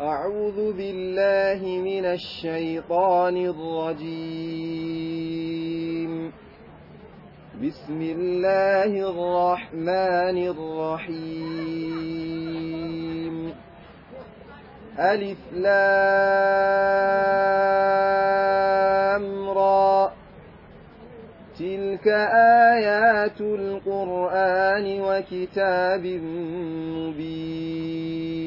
أعوذ بالله من الشيطان الرجيم بسم الله الرحمن الرحيم ألف لام را تلك آيات القرآن وكتاب مبين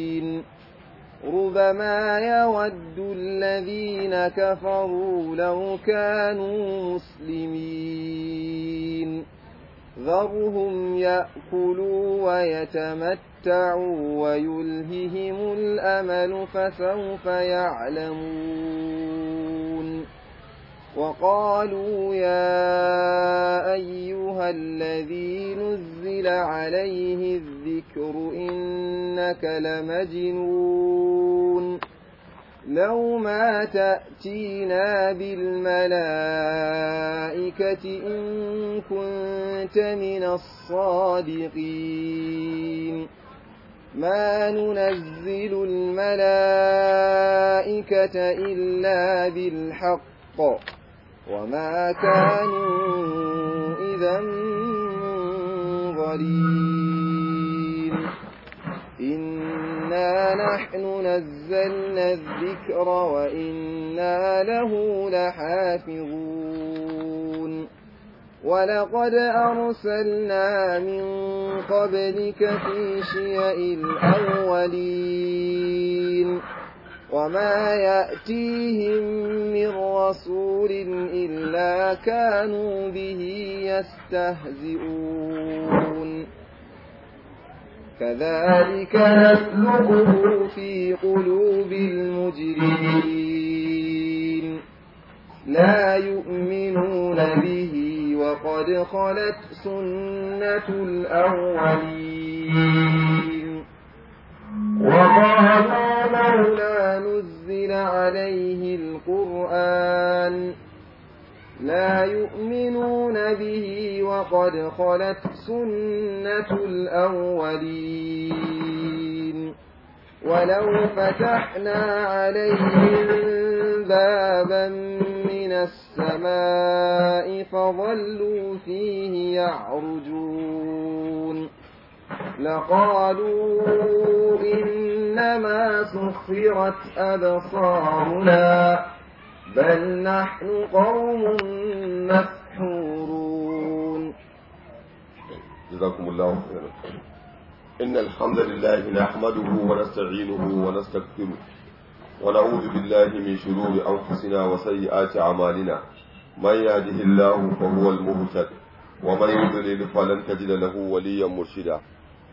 ربما يود الذين كفروا لو كانوا مسلمين ذرهم يأكلوا ويتمتعوا ويلههم الأمل فسوف يعلمون وقالوا يا أيها الذي نزل عليه الذكر إنك لمجنون لو ما تأتينا بالملائكة إن كنت من الصادقين ما ننزل الملائكة إلا بالحق وما كانوا إذا منظرين إنا نحن نزلنا الذكر وإنا له لحافظون ولقد أرسلنا من قبلك في شيء الأولين وما يأتيهم من رسول إلا كانوا به يستهزئون كذلك نسلقه في قلوب المجرمين لا يؤمنون به وقد خلت سنة الأولين وقال لولا نزل عليه القرآن لا يؤمنون به وقد خلت سنة الأولين ولو فتحنا عليهم بابا من السماء فظلوا فيه يعرجون لقالوا إنما سخرت أبصارنا بل نحن قوم مسحورون جزاكم الله خيرا إن الحمد لله نحمده ونستعينه ونستغفره ونعوذ بالله من شرور أنفسنا وسيئات أعمالنا من يهده الله فهو المهتد ومن يضلل فلن تجد له وليا مرشدا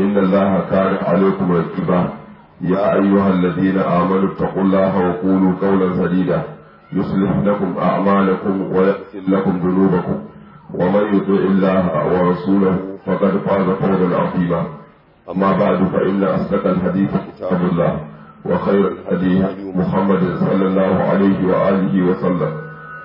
إن الله كان عليكم رقيبا يا أيها الذين آمنوا اتقوا الله وقولوا قولا سديدا يصلح لكم أعمالكم ويغفر لكم ذنوبكم ومن يطع الله ورسوله فقد فاز فوزا عظيما أما بعد فإن أصدق الحديث كتاب الله وخير الحديث محمد صلى الله عليه وآله وسلم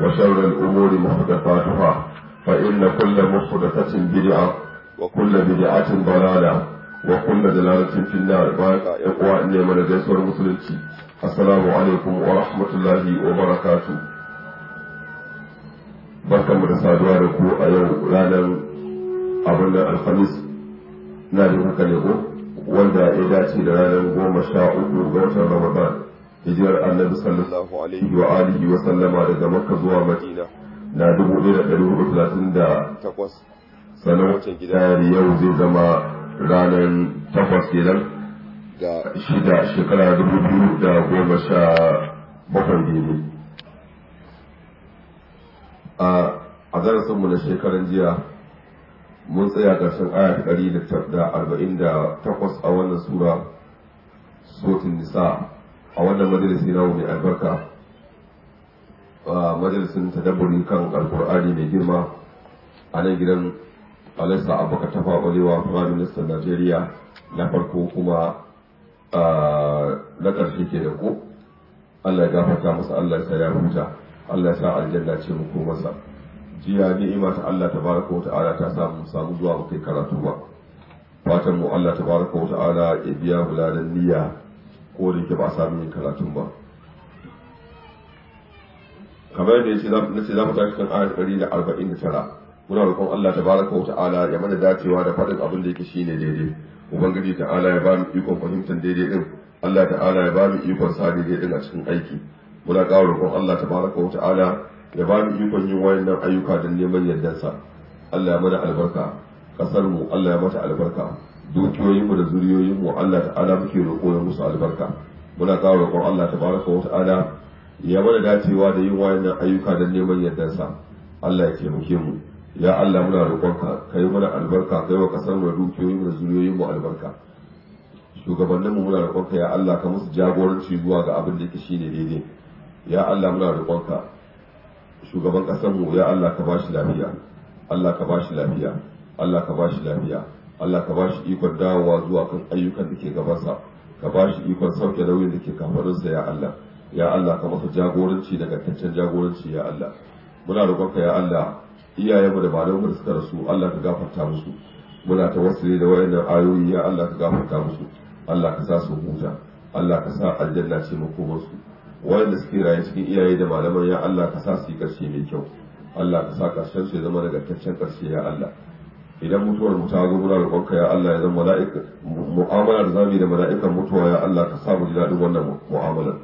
وشر الأمور محدثاتها فإن كل محدثة بدعة وكل بدعة ضلالة wa kullu dalalatin fi nar baraka ya kuwa ne da gaisuwar musulunci assalamu alaikum wa rahmatullahi wa barakatuh barkamu da saduwa da ku a yau ranar abin da alhamis na da haka ne ko wanda ya dace da ranar goma sha uku ga watan ramadan hijirar annabi sallallahu alaihi wa alihi wa sallama daga makka zuwa madina na dubu ɗaya da ɗari hudu talatin da takwas sannan watan gida yau zai zama ranar takwas kenan da shida shekara dubu biyu da goma sha bakwai daidai a mu na shekaran jiya mun tsaya ƙarshen aya ta ɗari da arba'in da takwas a wannan sura sotin nisa a wannan majalisi na mai albarka a majalisin tadabburi kan alkur'ani mai girma a nan gidan abu ka tafa faɓalewa prime minister najeriya na farko kuma na ƙarshe ke da ko allah ya gafarta masa allah ya sa ya huta allah ya sa aljanna ce muku masa jiya ni'ima ta allah ta baraka wa ta'ala ta samu samu zuwa mu kai karatu ba fatan mu allah ta baraka wa ta'ala ya biya bulalan niyya ko da yake ba a samu yin karatun ba kamar da ya ce za mu tashi kan ayat 149 muna roƙon Allah baraka wa ta'ala ya mana dacewa da faɗin abin da yake ne daidai ubangiji ta'ala ya ba mu ikon fahimtar daidai din Allah ta'ala ya ba mu ikon sa daidai din a cikin aiki muna ƙara roƙon Allah baraka wa ta'ala ya ba mu ikon yin wayannan ayyuka da neman sa. Allah ya mana albarka kasar mu Allah ya mata albarka dukiyoyin mu da zuriyoyin mu Allah ta'ala muke roƙo ya musu albarka muna ƙara roƙon Allah baraka wa ta'ala ya mana dacewa da yin wayannan ayyuka da neman sa. Allah ya taimake mu ya Allah muna roƙonka yi mana albarka kai wa kasar mu dukiyoyin da zuriyoyin mu albarka shugabannin mu muna roƙonka ya Allah ka musu jagoranci zuwa ga abin da yake shine daidai ya Allah muna roƙonka shugaban kasar mu ya Allah ka bashi lafiya Allah ka bashi lafiya Allah ka bashi lafiya Allah ka bashi ikon dawowa zuwa kan ayyukan da ke gabansa ka bashi ikon sauke nauyin da ke kafarinsa ya Allah ya Allah ka masa jagoranci da kantaccen jagoranci ya Allah muna roƙonka ya Allah iyayenmu da malamanmu da suka rasu Allah ka gafarta musu muna ta wasu da wayannan ayoyi ya Allah ka gafarta musu Allah ka sa su huta Allah ka sa aljanna ce makomar su wayanda suke rayu cikin iyaye da malaman ya Allah ka sa su yi karshe mai kyau Allah ka sa karshen su ya zama nagartaccen karshe ya Allah idan mutuwar mu ta zo muna roƙonka ya Allah ya zama mala'ika mu'amalar zamu da mala'ikan mutuwa ya Allah ka sa mu ji daɗin wannan mu'amalar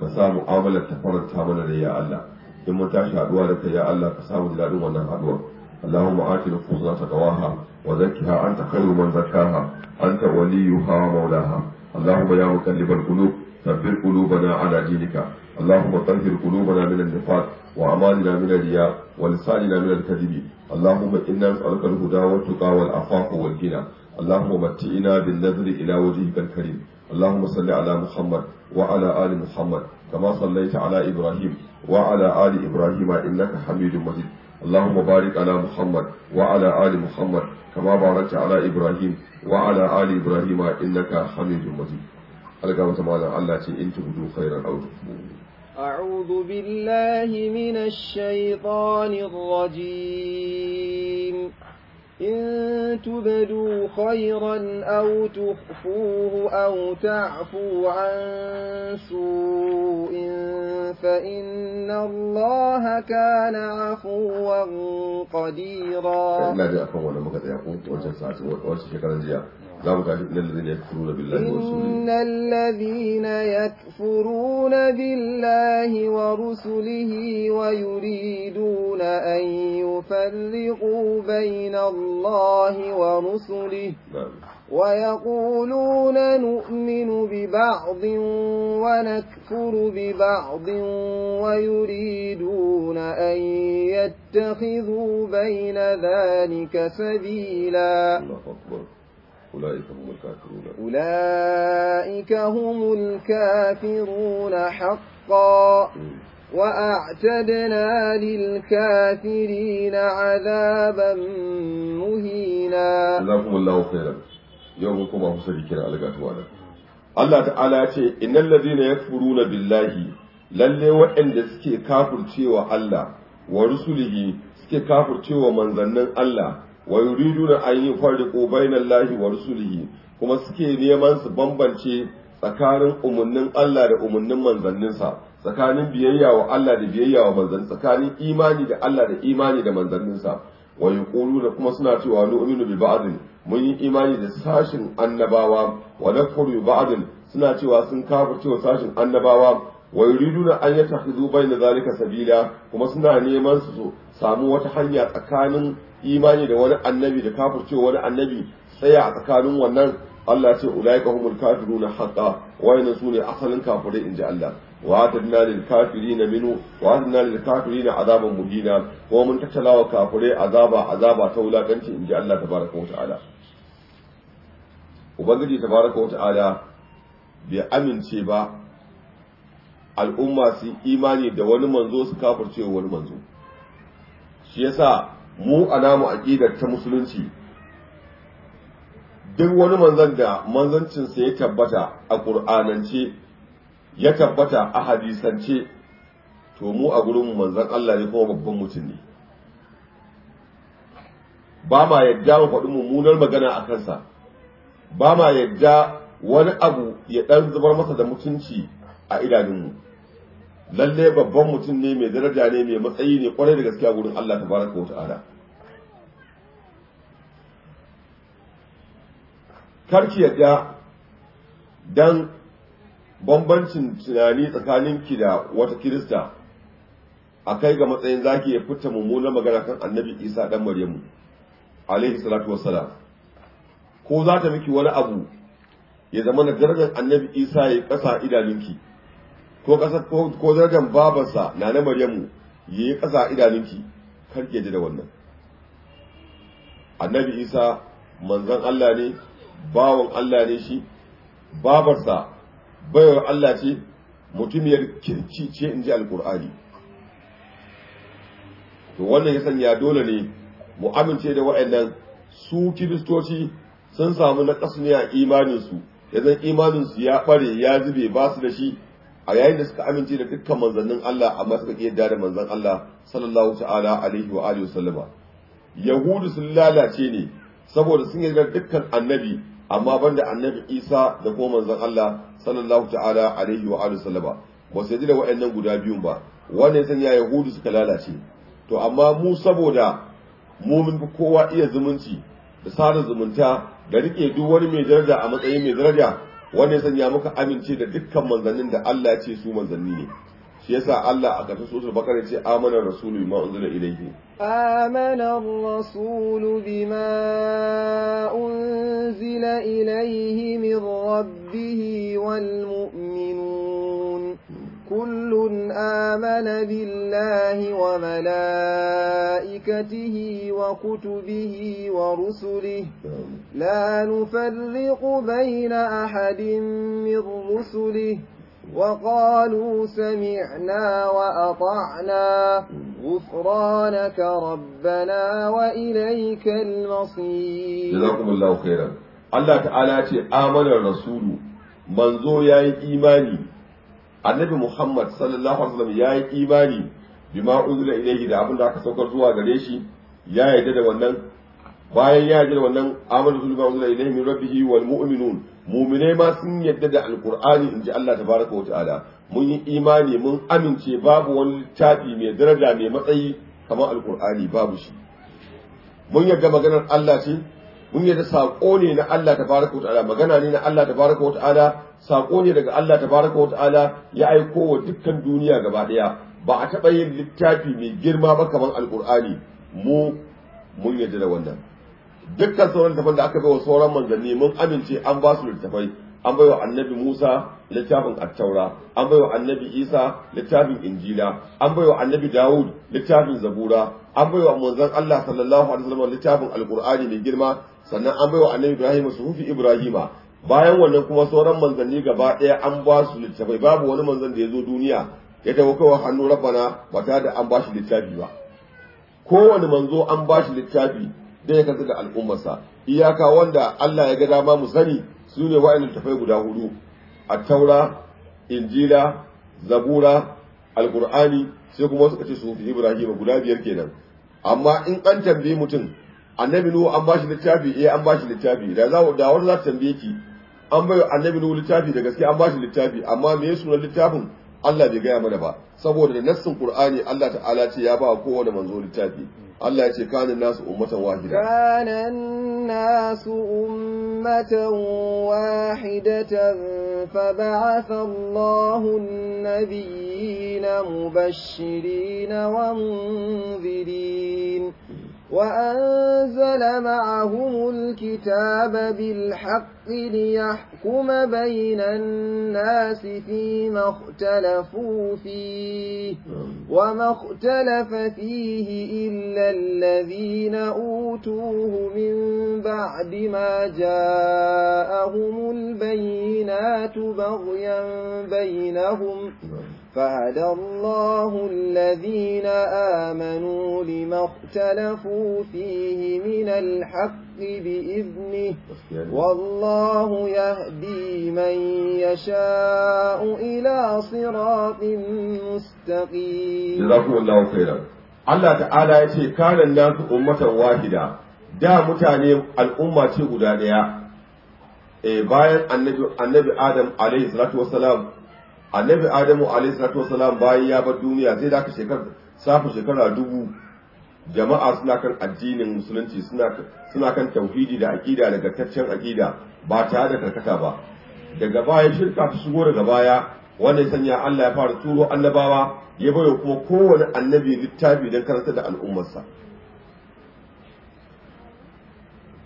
ka sa mu'amalar ta faranta mana da ya Allah in mun tashi haduwa da kai ya Allah ka samu daɗin wannan haduwa اللهم آت نفوسنا تقواها وزكها أنت خير من زكاها أنت وليها ومولاها اللهم يا مقلب القلوب ثبت قلوبنا على دينك اللهم طهر قلوبنا من النفاق وأمالنا من الرياء ولساننا من الكذب اللهم إنا نسألك الهدى والتقى والعفاف والغنى اللهم متئنا بالنذر إلى وجهك الكريم اللهم صل على محمد وعلى آل محمد كما صليت على إبراهيم وعلى آل إبراهيم إنك حميد مجيد اللهم بارك على محمد وعلى آل محمد كما باركت على إبراهيم وعلى آل إبراهيم إنك حميد مجيد ألقى وتمالا الله إن تبدو خيرا أو أعوذ بالله من الشيطان الرجيم إن تبدوا خيرا أو تخفوه أو تعفو عن سوء فإن الله كان عفوا قديرا إن الذين يكفرون بالله إن الذين يكفرون بالله ورسله ويريدون أن يفرقوا بين الله ورسله نعم. ويقولون نؤمن ببعض ونكفر ببعض ويريدون أن يتخذوا بين ذلك سبيلا الله أكبر أولئك هم الكافرون أولئك هم الكافرون حقا وأعتدنا للكافرين عذابا مهينا جزاكم الله خيرا يومكم أبو سبيكنا على قاتوانا الله تعالى إن الذين يكفرون بالله lalle wa'anda suke kafircewa Allah, wa rusulihi suke kafircewa manzannin Allah, wa yuriduna an ƙobai na lahi wa rusulihi kuma suke neman su bambance tsakanin umarnin Allah da umarnin manzanninsa tsakanin biyayya wa Allah da biyayya wa manzanni tsakanin imani da Allah da imani da manzanninsa wa da kuma suna cewa nu'minu bi ba'din mun yi imani da sashin annabawa wa nakfuru bi ba'din suna cewa sun kafirce cewa sashin annabawa wa yuriduna an yattakhidhu da zalika sabila kuma suna neman su samu wata hanya tsakanin imani da wani annabi da kafircewa wani annabi tsaya a tsakanin wannan Allah ce ka humul kafiruna haqqan wayannan sune asalin kafirai inji Allah wa atadna lil kafirina minhu wa atadna lil kafirina azaban muhina ko mun tattalawa kafirai azaba azaba ta wulakanci inji Allah tabaraka wa ta'ala ubangiji tabaraka wa ta'ala bai amince ba al'umma su imani da wani manzo su cewa wani manzo shi yasa mu a namu ta musulunci duk wani manzan da manzancinsa ya tabbata a ƙur'anance ya tabbata a hadisance to mu a gurin manzan Allah ne kuma babban mutum ne ba ma yadda mu faɗi mummunar magana a kansa ba ma yadda wani abu ya ɗan zubar masa da mutunci a idanunmu lalle babban mutum ne mai daraja ne mai matsayi ne kwarai da gaskiya wurin Allah baraka wa ta'ala karki yadda dan bambancin tunani tsakanin ki da wata kirista a kai ga matsayin zaki ya fita mummunan magana kan annabi isa dan maryamu alaihi salatu wassalam ko za ta miki wani abu ya zama na darajar annabi isa ya yi kasa idanunki ko ƙasar ko darajar babarsa na na maryamu ya yi ƙasa idanunki kar ji da wannan annabi isa manzon allah ne bawan allah ne shi babarsa bayar allah ce mutumiyar kirki ce in ji alkur'ani to wannan ya sanya dole ne mu amince da waɗannan su kiristoci sun samu na ƙasniya imaninsu ya zan imaninsu ya ɓare ya zube ba su da shi a yayin da suka amince da dukkan manzannin Allah amma suka ƙi yadda da manzan Allah sallallahu ta'ala alaihi wa alihi wasallama yahudu sun lalace ne saboda sun yarda dukkan annabi amma banda annabi Isa da kuma manzan Allah sallallahu ta'ala alaihi wa alihi wasallama ba su yarda da waɗannan guda biyun ba wannan sun ya yahudu suka lalace to amma mu saboda mumin kowa iya zumunci da sada zumunta da rike duk wani mai daraja a matsayin mai daraja wanda ya muka amince da dukkan manzannin da Allah ya ce su manzanni ne shi yasa Allah a ƙarshen suratul bakara ce amana rasulu bima unzila ilayhi amana rasulu bima unzila ilayhi min rabbihi wal mu'minun كل آمن بالله وملائكته وكتبه ورسله لا نفرق بين أحد من رسله وقالوا سمعنا وأطعنا غفرانك ربنا وإليك المصير جزاكم الله خيرا الله تعالى آمن الرسول rasulu يا إيماني annabi muhammad sallallahu alaihi wasallam ya yi imani bima uzila ilaihi da abin da aka saukar zuwa gare shi ya yarda da wannan bayan ya yarda da wannan amanu zulma uzila ilaihi min rabbihi wal mu'minun mu'minai ma sun yarda da alqur'ani inji Allah tabaraka wa ta'ala mun yi imani mun amince babu wani littafi mai daraja mai matsayi kamar alqur'ani babu shi mun yarda maganar Allah ce mun yadda saƙo ne na Allah tabaraka ta'ala magana ne na Allah tabaraka ta'ala saƙo ne daga Allah tabaraka ta'ala ya aiko wa dukkan duniya gaba ɗaya ba a taɓa yin littafi mai girma ba kamar alƙur'ani mu mun yadda da wannan dukkan sauran littafan da aka bai wa sauran manzanni mun amince an ba su littafai an baiwa annabi Musa littafin attaura an baiwa annabi Isa littafin injila an baiwa annabi Dawud littafin zabura an baiwa manzon Allah sallallahu alaihi wasallam littafin alqur'ani mai girma sannan an baiwa annabi Ibrahim suhufi Ibrahima bayan wannan kuma sauran manzanni gaba ɗaya an ba su littafai babu wani manzan da ya zo duniya ya kai wa hannu rabbana ba ta da an ba shi littafi ba kowane manzo an ba shi littafi da ya kanta da al'ummarsa iyaka wanda Allah ya ga dama mu sani su ne wa'annan tafai guda hudu a taura injila zabura alkur'ani sai kuma wasu ce su fi ibrahim guda biyar kenan amma in an tambaye mutum annabi nuhu an bashi littafi eh an bashi littafi da za da wani za ta tambaye ki an bai annabi nuhu littafi da gaske an bashi littafi amma me sunan littafin Allah bai gaya mana ba saboda da nassin Qur'ani Allah ta'ala ce ya ba kowane manzo littafi Allah ya ce kanin nasu ummatan wahida kanan الناس أمة واحدة فبعث الله النبيين مبشرين ومنذرين وأنزل معهم الكتاب بالحق ليحكم بين الناس فيما اختلفوا فيه وما اختلف فيه إلا الذين أوتوه من بعد ما جاءهم البينات بغيا بينهم فهدى الله الذين آمنوا لما اختلفوا فيه من الحق بإذنه والله يهدي من يشاء إلى صراط مستقيم جزاكم الله خيرا Allah ta'ala ya ce karin nasu ummatan wahida da mutane al'umma ce guda ɗaya bayan annabi Adam alaihi salatu wasalam annabi adamu alayhi salatu wasalam bayan ya bar duniya zai da aka shekar safa shekara dubu jama'a suna kan addinin musulunci suna suna kan tauhidi da aqida da gaskiyar aqida ba tare da karkata ba daga baya shirka ta shigo daga baya wanda ya sanya Allah ya fara turo annabawa ya bayo kuma kowane annabi littafi don karanta da al'ummarsa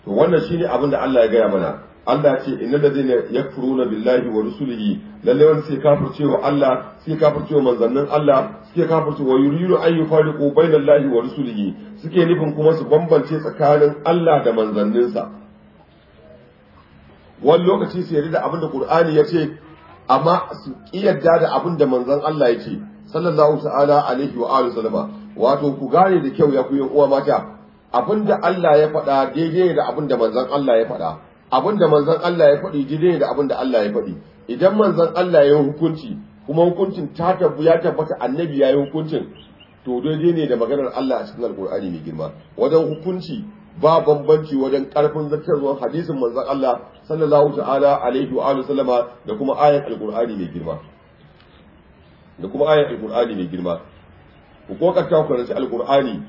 to wannan shine abin da Allah ya gaya mana Allah ce inna da zai ya na billahi wa rusulihi lalle wanda suke kafirce wa Allah suke kafirce wa manzannin Allah suke kafirce wa yuridu an yufariqu bainallahi wa rusulihi suke nufin kuma su bambance tsakanin Allah da manzanninsa wani lokaci su yarda da abin da Qur'ani ya ce amma su kiyarda da abin da manzon Allah ya ce sallallahu ta'ala alaihi wa alihi wasallama wato ku gane da kyau ya ku yan uwa mata abin da Allah ya faɗa daidai da abin da manzon Allah ya faɗa abin da manzon Allah ya faɗi daidai ne da abin da Allah ya faɗi idan manzon Allah ya yi hukunci kuma hukuncin ta tabbu ya tabbata annabi ya yi hukuncin to daidai ne da maganar Allah a cikin alkur'ani mai girma wajen hukunci ba bambanci wajen karfin zuwan hadisin manzon Allah sallallahu ta'ala alaihi wa sallama da kuma ayat alkur'ani mai girma da kuma ayat alkur'ani mai girma ku kokarta ku rantsi alkur'ani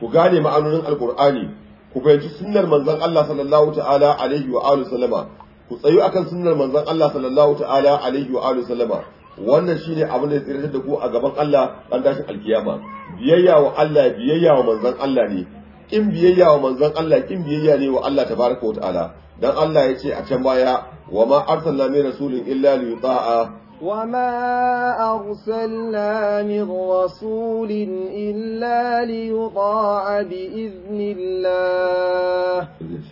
ku gane ma'anonin alkur'ani ku fahimci sunnar manzon Allah sallallahu ta'ala alaihi wa alihi sallama ku tsayu akan sunnar manzon Allah sallallahu ta'ala alaihi wa alihi sallama wannan shine abin da ya da ku a gaban Allah dan tashin alkiyama biyayya wa Allah biyayya wa manzon Allah ne in biyayya wa manzon Allah kin biyayya ne wa Allah tabaraka wa ta'ala dan Allah ya ce a can baya wa ma arsalna min rasulin illa liyuta'a وما أرسلنا من رسول إلا ليطاع بإذن الله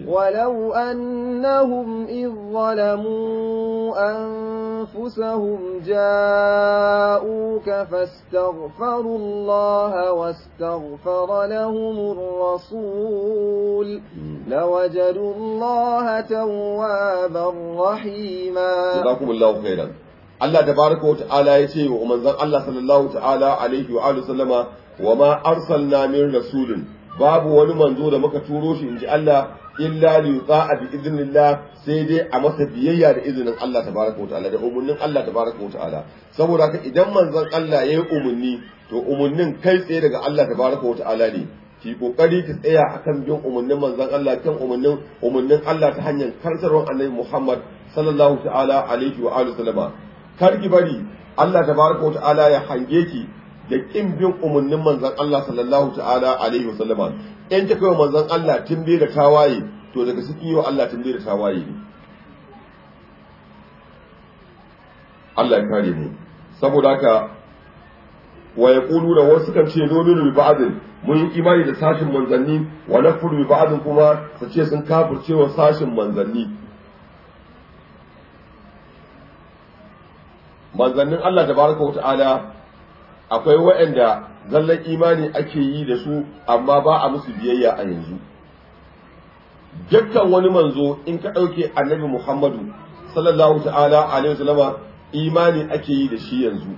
ولو أنهم إذ ظلموا أنفسهم جاءوك فاستغفروا الله واستغفر لهم الرسول لوجدوا الله توابا رحيما جزاكم الله خيرا Allah baraka wa ta'ala ya ce wa manzan Allah sallallahu ta'ala alaihi wa alihi sallama wa ma arsalna min rasulin babu wani manzo da muka turo shi inji Allah illa li yuta'a bi idnillah sai dai a masa biyayya da izinin Allah tabaraka wa ta'ala da umurnin Allah tabaraka wa ta'ala saboda haka idan manzan Allah yayi umurni to umurnin kai tsaye daga Allah tabaraka wa ta'ala ne ki kokari ki tsaya akan bin umarnin manzan Allah kan umarnin umurnin Allah ta hanyar karsarwan Annabi Muhammad sallallahu ta'ala alaihi wa alihi sallama kar ki bari Allah tabaraka ta'ala ya hange ki da kin bin umarnin manzon Allah sallallahu ta'ala alaihi wasallama in ta kai manzon Allah bai da tawaye to daga suke yi wa Allah bai da tawaye ne Allah ya kare mu saboda haka wa yaqulu da wasu kan ce nominu bi ba'adin, mun yi imani da sashin manzanni wa nafuru bi ba'din kuma su ce sun kafirce wa sashin manzanni manzannin Allah tabaraka wata'ala akwai wa'anda zallan imani ake yi da su amma ba a musu biyayya a yanzu dukkan wani manzo in ka ɗauke annabi muhammadu sallallahu ta'ala alaihi wasallama imani ake yi da shi yanzu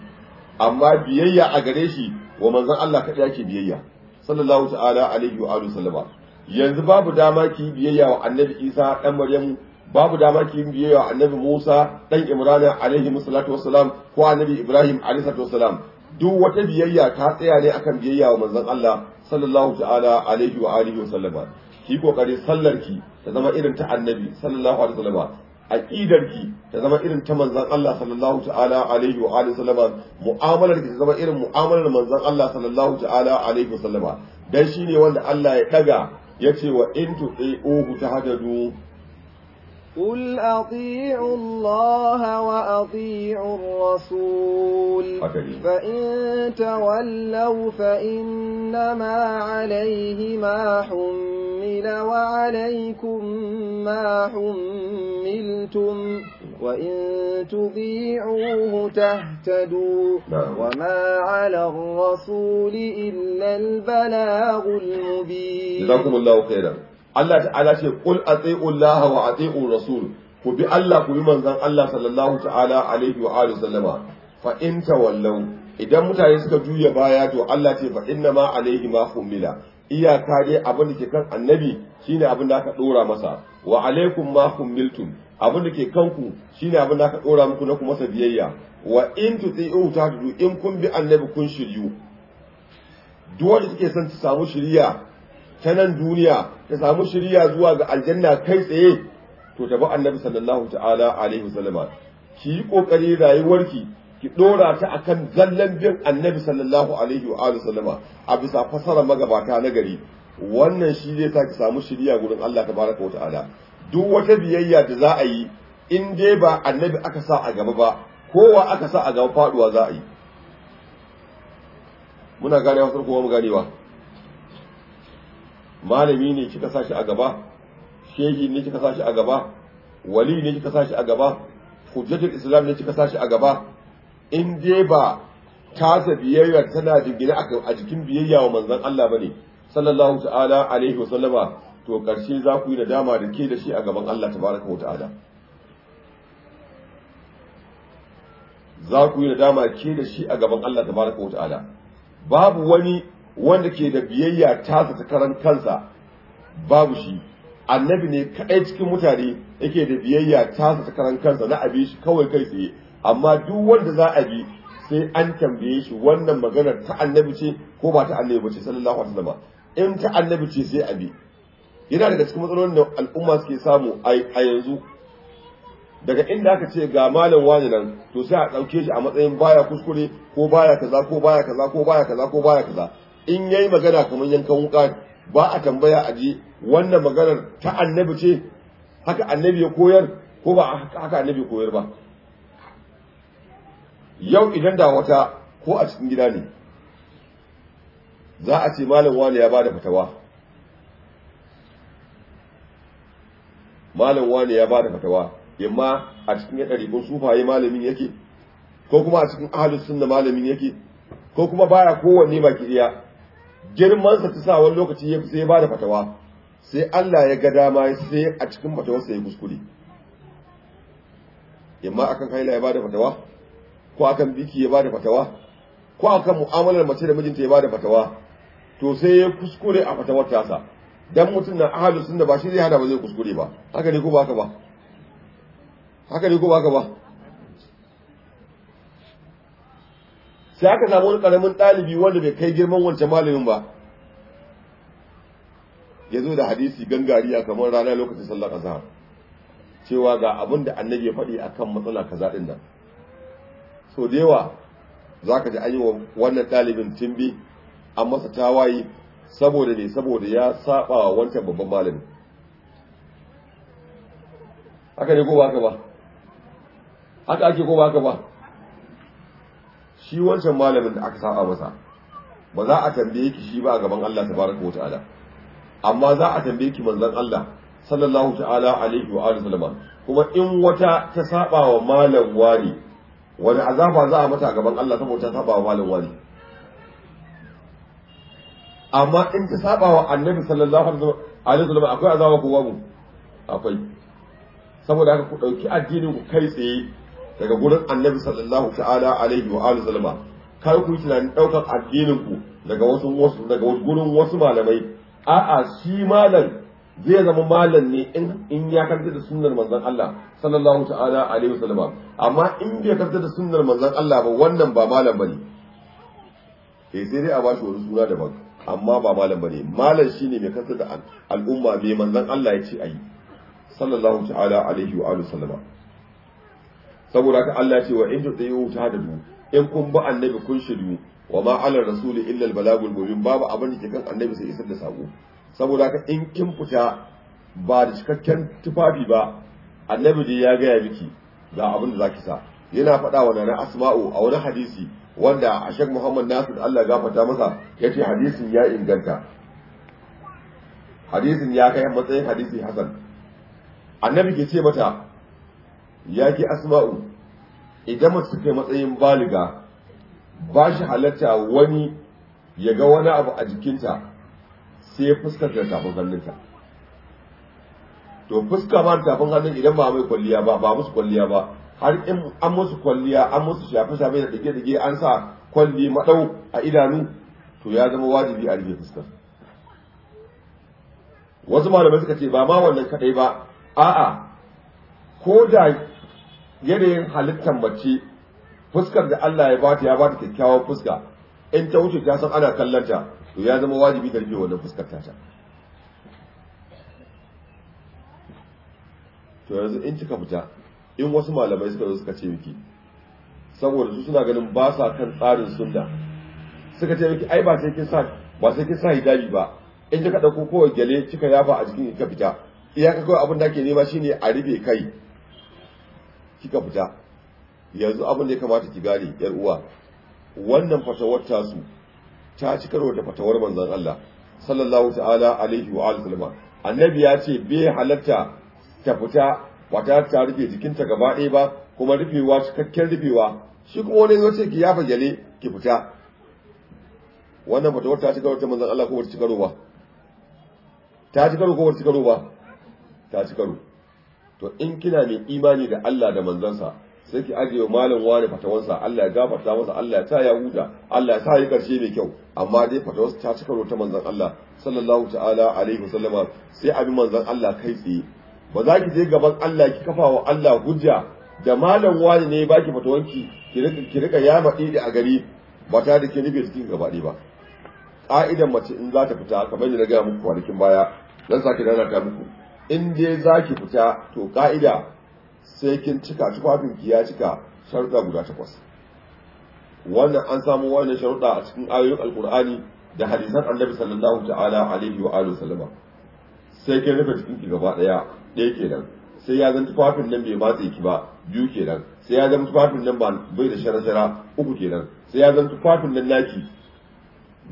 amma biyayya a gare shi wa manzan Allah kaɗai ake biyayya sallallahu ta'ala alaihi wa yanzu babu dama ki biyayya wa annabi isa ɗan maryamu babu damar ki yin biyayya annabi Musa dan Imran alaihi musallatu wassalam ko annabi Ibrahim alaihi salatu wassalam duk wata biyayya ta tsaya ne akan biyayya wa manzon Allah sallallahu ta'ala alaihi wa alihi wasallama ki kokari sallar ki ta zama irin ta annabi sallallahu alaihi wasallama aqidar ki ta zama irin ta manzon Allah sallallahu ta'ala alaihi wa alihi wasallama mu'amalar ki ta zama irin mu'amalar manzon Allah sallallahu ta'ala alaihi wasallama dan shine wanda Allah ya daga yace wa in tu'i'uhu tahadadu قل أطيعوا الله وأطيعوا الرسول فإن تولوا فإنما عليه ما حمل وعليكم ما حملتم نعم. وإن تضيعوه تهتدوا نعم. وما على الرسول إلا البلاغ المبين جزاكم الله خيرا Allah ta'ala ce kul atai'u Allah wa atai'u rasul ku bi Allah ku bi manzon Allah sallallahu ta'ala alaihi wa alihi sallama fa in tawallu idan mutane suka juya baya to Allah ce fa inna ma alaihi ma humila iyaka dai abin da ke kan annabi shine abin da aka dora masa wa alaikum ma humiltum abin da ke kanku shine abin da aka dora muku na kuma masa biyayya wa in tuti'u tahtadu in kun bi annabi kun shiryu duwa da suke son su samu shiriya ta nan duniya ta samu shirya zuwa ga aljanna kai tsaye to ta bi annabi sallallahu ta'ala alaihi wasallama ki yi kokari rayuwarki ki dora ta akan zallan bin annabi sallallahu alaihi wa alihi a bisa fasara magabata na gari wannan shi zai sa ki samu shirya gurin Allah tabaraka wa ta'ala duk wata biyayya da za a yi in dai ba annabi aka sa a gaba ba kowa aka sa a gaba faduwa za a yi muna gane wasu kuma mu ganewa malami ne kika sashi a gaba shehi ne kika sashi a gaba wali ne kika sashi a gaba hujjatul islam ne kika sashi a gaba in dai ba tasa biyayya tana jingine a jikin biyayya wa manzon Allah bane sallallahu ta'ala alaihi wa sallama to karshe za ku yi nadama da ke da shi a gaban Allah tabaraka wa ta'ala za ku yi nadama ke da shi a gaban Allah tabaraka wa ta'ala babu wani wanda ke da biyayya ta ta karan kansa babu shi annabi ne kaɗai cikin mutane yake da biyayya ta ta karan kansa na abi shi kawai kai tsaye amma duk wanda za a bi sai an tambaye shi wannan maganar ta annabi ce ko ba ta annabi ba ce sallallahu alaihi wasallam in ta annabi ce sai a bi yana daga cikin matsalolin da al'umma suke samu a yanzu daga inda aka ce ga malam wani nan to sai a ɗauke shi a matsayin baya kuskure ko baya kaza ko baya kaza ko baya kaza ko baya kaza in yayi magana kamar yankan wuka ba a tambaya a ji wannan maganar ta annabi ce haka annabi ya koyar ko ba haka annabi ya koyar ba yau idan da wata ko a cikin gida ne za a ce malam wani ya bada fatawa malam wani ya bada fatawa imma a cikin ɗaribin sufaye malamin yake ko kuma a cikin ahalussun da malamin yake ko kuma baya kowanne baki iya girmansa ta sa wani lokaci sai ba da fatawa sai Allah ya ga dama sai a cikin fatawarsa ya kuskure imma akan haila ya ba da fatawa ko akan biki ya ba da fatawa ko akan mu'amalar mace da mijinta ya ba da fatawa to sai ya kuskure a fatawar tasa dan mutum na ahalus sunna ba shi zai hada ba zai kuskure ba haka ne ko ba haka ba haka ne ko ba haka ba sai aka samu wani karamin ɗalibi wanda bai kai girman wancan malamin ba ya zo da hadisi gangariya kamar rana lokacin sallar kaza cewa ga abin da annabi ya faɗi a kan matsala kaza ɗin nan so da yawa za ka ji an yi wa wannan ɗalibin timbi an masa tawaye saboda ne saboda ya saba wa wancan babban malamin. haka ne ko ba haka ba haka ake ko ba haka ba shi wancan malamin da aka saba masa ba za a tambaye ki shi ba a gaban Allah tabaraka wa ta'ala amma za a tambaye ki manzon Allah sallallahu ta'ala alaihi wa alihi wasallam kuma in wata ta saba wa malam wani wani azaba za a mata gaban Allah saboda ta saba wa malam wali amma in ta saba wa annabi sallallahu alaihi wasallam akwai azaba ko babu akwai saboda haka ku dauki addinin ku kai tsaye daga gurin annabi sallallahu ta'ala alaihi wa alihi sallama kar ku yi tunanin daukar addinin ku daga wasu wasu daga gurin wasu malamai a'a shi malam zai zama malam ne in in ya karanta da sunnar manzon Allah sallallahu ta'ala alaihi wa sallama amma in bai karanta da sunnar manzon Allah ba wannan ba malam bane eh sai dai a bashi wani suna daban amma ba malam bane malam shine mai karanta da al'umma mai manzon Allah ya ce ayi sallallahu ta'ala alaihi wa alihi sallama saboda haka Allah ce wa in tudiyu tahtadu in kun ba annabi kun shiru wa ma ala rasuli illa al balagul mubin babu abin da ke kan annabi sai isar da sako saboda haka in kin fita ba da cikakken tufafi ba annabi dai ya gaya miki ga abin da zaki sa yana faɗa wa nana asma'u a wani hadisi wanda a shek muhammad nasir allah gafata masa ya ce hadisin ya inganta hadisin ya kai matsayin hadisi hasan annabi ke ce mata ya asba'u asma'u idan mace ta kai matsayin baliga ba shi halatta wani ya ga wani abu a jikinta sai fuskar ta tafin hannunta to fuska ma tafin hannun idan ba mai kwalliya ba ba musu kwalliya ba har in an musu kwalliya an musu shafi shafi da dage dage an sa kwalli madau a idanu to ya zama wajibi a rike fuskar wasu malamai suka ce ba ma wannan kadai ba a'a ko da yanayin halittar mace fuskar da Allah ya bata ya bata kyakkyawar fuska in ta wuce ta san ana kallon ta to ya zama wajibi da rike wannan fuskar ta to yanzu in kika fita in wasu malamai suka zo suka ce miki saboda su suna ganin ba sa kan tsarin sunna suka ce miki ai ba sai kin sa ba sai kin sa hijabi ba in kika dauko kowa gele kika yafa a jikin kika fita iya kawai abin da ake nema shine a ribe kai kika fita yanzu abin da ya kamata ki gane yar uwa wannan fatawar tasu ta ci karo da fatawar manzon Allah sallallahu ta'ala alaihi wa sallam annabi ya ce bai halatta ta fita ba ta rufe jikinta gaba ɗaya ba kuma rufewa cikakken rufewa shi kuma wani yace ce ki yafa gyale ki fita wannan fatawar ta ci karo ta manzon Allah ko ba ta ci karo ba ta ci karo ko ta ci karo ba ta ci karo to in kina mai imani da Allah da manzansa sai ki ajiye wa malam wani fatawansa Allah ya gafarta masa Allah ya sa ya huta Allah ya sa ya karshe mai kyau amma dai fatawarsa ta cika ta manzon Allah sallallahu ta'ala alaihi wasallama sai abin manzon Allah kai tsaye ba za ki je gaban Allah ki kafa wa Allah hujja da malam wani ne baki fatawanki ki rika ki rika yama dide a gari ba ta da ke rufe cikin gaba ba ka'idan mace in za ta fita kamar da na ga muku kwanakin baya dan sake dana ta muku in dai za ki fita to ka'ida sai kin cika tufafinki ya cika sharuɗa guda takwas wannan an samu wannan sharuɗa a cikin ayoyin alkur'ani da hadisan annabi sallallahu ta'ala alaihi wa alihi sallama sai kin rufe ki gaba ɗaya ɗaya kenan sai ya zama tufafin nan bai matse ki ba biyu kenan sai ya zama tufafin nan ba bai da shara-shara uku kenan sai ya zama tufafin nan naki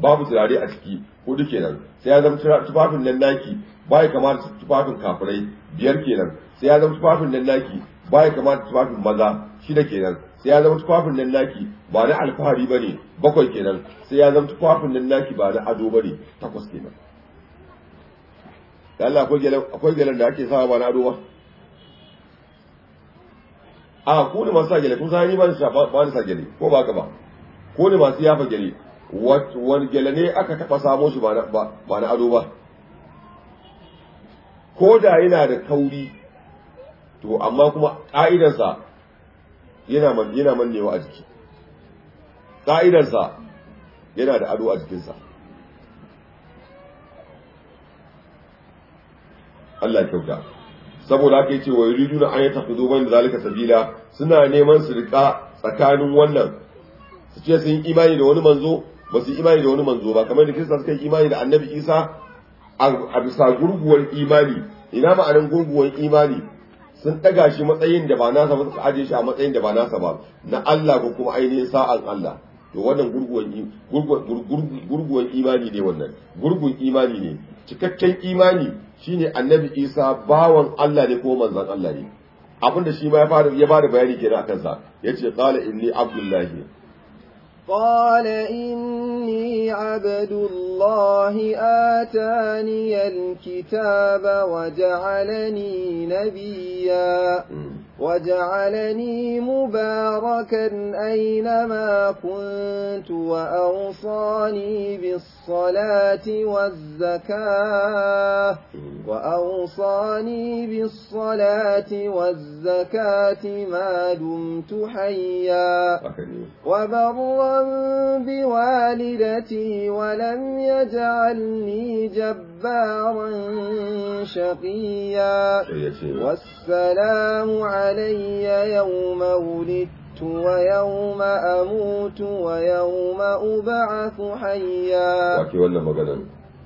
babu turare a ciki hudu kenan sai ya zama tufafin nan naki baya kama da tufafin kafirai biyar kenan sai ya zama tufafin nan naki baya kama tufafin maza shida kenan sai ya zama tufafin nan naki ba na alfahari bane bakwai kenan sai ya zama tufafin nan naki ba na ado bane takwas kenan da Allah akwai gelan akwai da ake sawa ba na ado ba a ko ne masu sa gele ko sai ni ba ni ba sa gele ko ba ka ba ko ne masu yafa gele wani gele ne aka taba samo shi ba na ado ba ko da yana da kauri to amma kuma ƙa'idarsa yana mannewa a jiki ƙa'idarsa yana da ado a jikinsa Allah kyauta saboda haka ce wa yuridu na ayata khudu bain zalika sabila suna neman su rika tsakanin wannan su ce sun imani da wani manzo ba su imani da wani manzo ba kamar da Kirista suka yi imani da Annabi Isa a bisa gurguwar imani ina ma'anin gurguwar imani sun ɗaga shi matsayin da ba nasa ba suka aje shi a matsayin da ba nasa ba na Allah ko kuma ainihin sa'an Allah to wannan gurguwar imani ne wannan gurgun imani ne cikakken imani shine annabi isa bawan Allah ne ko manzan Allah ne abinda shi ma ya bada bayani kenan akan sa yace qala inni abdullahi قال إني عبد الله آتاني الكتاب وجعلني نبيا وجعلني مباركا أينما كنت وأوصاني بالصلاة والزكاة وأوصاني بالصلاة والزكاة ما دمت حيا وبرا بوالدتي ولم يجعلني جبارا شقيا والسلام على علي يوم ولدت ويوم أموت ويوم أبعث حيا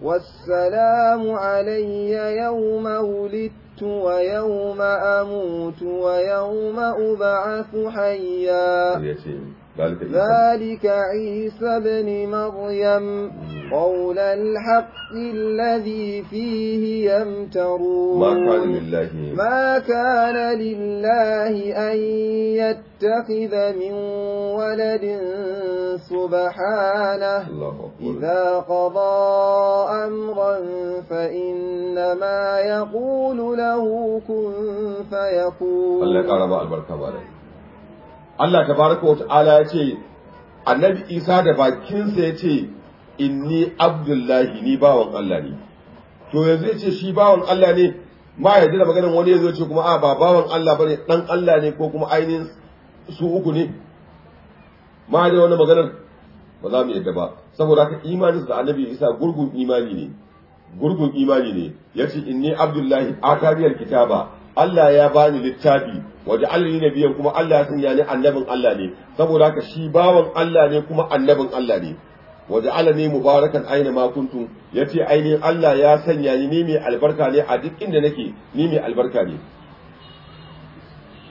والسلام علي يوم ولدت ويوم أموت ويوم أبعث حيا ذلك عيسى, ذلك عيسى بن مريم قول الحق الذي فيه يمترون ما كان لله ما كان لله أن يتخذ من ولد سبحانه إذا قضى أمرا فإنما يقول له كن فيكون الله يقرب البركة عليه Allah baraka wa ta'ala ya ce annabi Isa da bakinsa ya ce inni abdullahi ni bawan Allah ne to yanzu ya ce shi bawan Allah ne ma ya da maganin wani ya zo ce kuma a ba bawan Allah bane dan Allah ne ko kuma ainihin su uku ne ma da wani maganar ba za mu yadda ba saboda haka imanin da annabi Isa gurgun imani ne gurgun imani ne yace inni abdullahi atariyar kitaba Allah ya bani littafi waje Allah ne biyan kuma Allah ya sanya ni annabin Allah ne saboda haka shi bawan Allah ne kuma annabin Allah ne waje Allah ne mubarakan aina ma kuntum yace ainihin Allah ya sanya ni ni mai albarka ne a duk inda nake ni mai albarka ne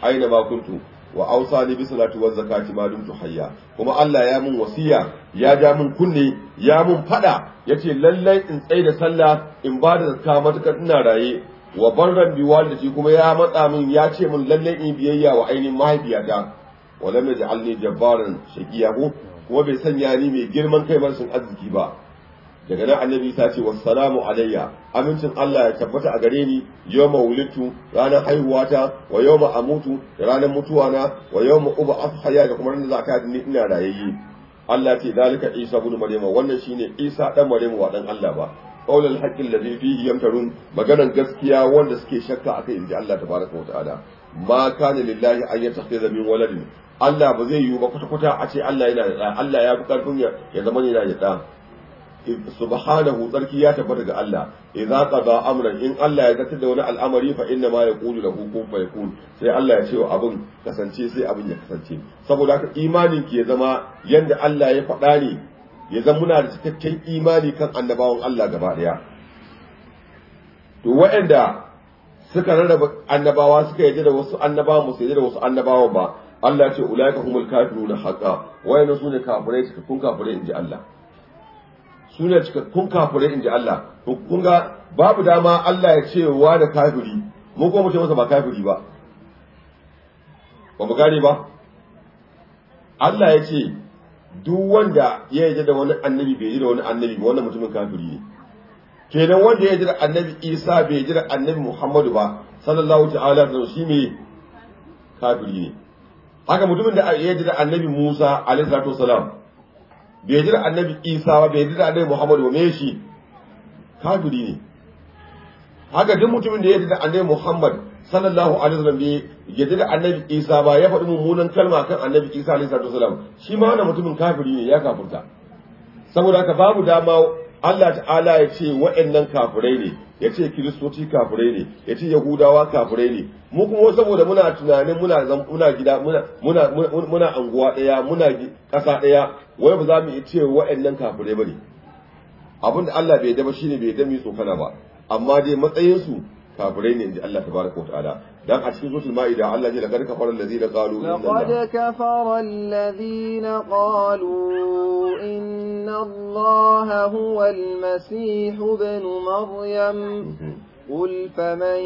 aina ma kuntum wa awsa ni bi salati wa zakati ma dumtu hayya kuma Allah ya mun wasiya ya ja mun kunne ya mun fada yace lallai in tsaye da sallah in ba da zakka matukar ina raye wa ban bi walidi kuma ya matsa min ya ce min lalle in biyayya wa ainihin mahaifiyata wa lam yaj'alni jabbaran shaqiya ko kuma bai sanya ni mai girman kai ba sun arziki ba daga nan annabi ta ce wassalamu alayya amincin Allah ya tabbata a gare ni yawma wulidtu ranar haihuwata wa yawma amutu ranar mutuwana wa yawma ub'ath hayya da kuma ranar zakat ni ina rayayye Allah ce zalika Isa ibn Maryam wannan shine Isa dan Maryam wa dan Allah ba qawlal haqqi alladhi fihi yamtarun maganar gaskiya wanda suke shakka akai inji Allah tabaraka wa ta'ala ma kana lillahi an yattakhidha min waladin Allah ba zai yiwu ba kuta kuta a ce Allah yana da Allah ya fi karfin ya zama yana da da subhanahu sarki ya tabbata ga Allah idza qada amran in Allah ya zartar da wani al'amari fa inna ma yaqulu lahu kun fayakun sai Allah ya ce wa abun kasance sai abun ya kasance saboda haka imanin ki ya zama yanda Allah ya faɗa ne ya zan muna da cikakken imani kan annabawan Allah gaba daya to waɗanda suka rarraba annabawa suka yaje da wasu annabawa musu yaje da wasu annabawa ba Allah ce ulaika humul kafiruna haqa wayannan sune kafirai kun kafirai inji Allah sune kun kafirai inji Allah to kun ga babu dama Allah ya ce wa da kafiri mu ko mu ce masa ba kafiri ba ba mu gane ba Allah ya ce duk wanda ya yi da wani annabi bai yi da wani annabi ba wannan mutumin kafiri ne kenan wanda ya yi da annabi Isa bai yi da annabi Muhammadu ba sallallahu ta'ala da shi ne kafiri ne haka mutumin da ya yi da annabi Musa alaihi salatu wasalam bai yi da annabi Isa ba bai yi da annabi Muhammadu ba me shi kafiri ne haka duk mutumin da ya yi da annabi Muhammad sallallahu alaihi wasallam bi yadda da annabi isa ba ya faɗi mummunan kalma kan annabi isa alaihi salatu wasallam shi ma wannan mutumin kafiri ne ya kafurta saboda ka babu dama Allah ta'ala ya ce wa'annan kafirai ne ya ce kiristoci kafirai ne ya ce yahudawa kafirai ne mu kuma saboda muna tunanin muna muna gida muna muna anguwa daya muna ƙasa ɗaya wai ba za mu yi ce wa'annan kafirai bane abinda da Allah bai yadda ba shine bai yadda mu tsokana ba amma dai matsayin su kafirai ne inji Allah tabaraka wataala dan a cikin zuciyar ma'ida Allah ji laqad kafara alladhina qalu laqad kafara alladhina qalu inna Allah huwa al-masih ibn maryam قل فمن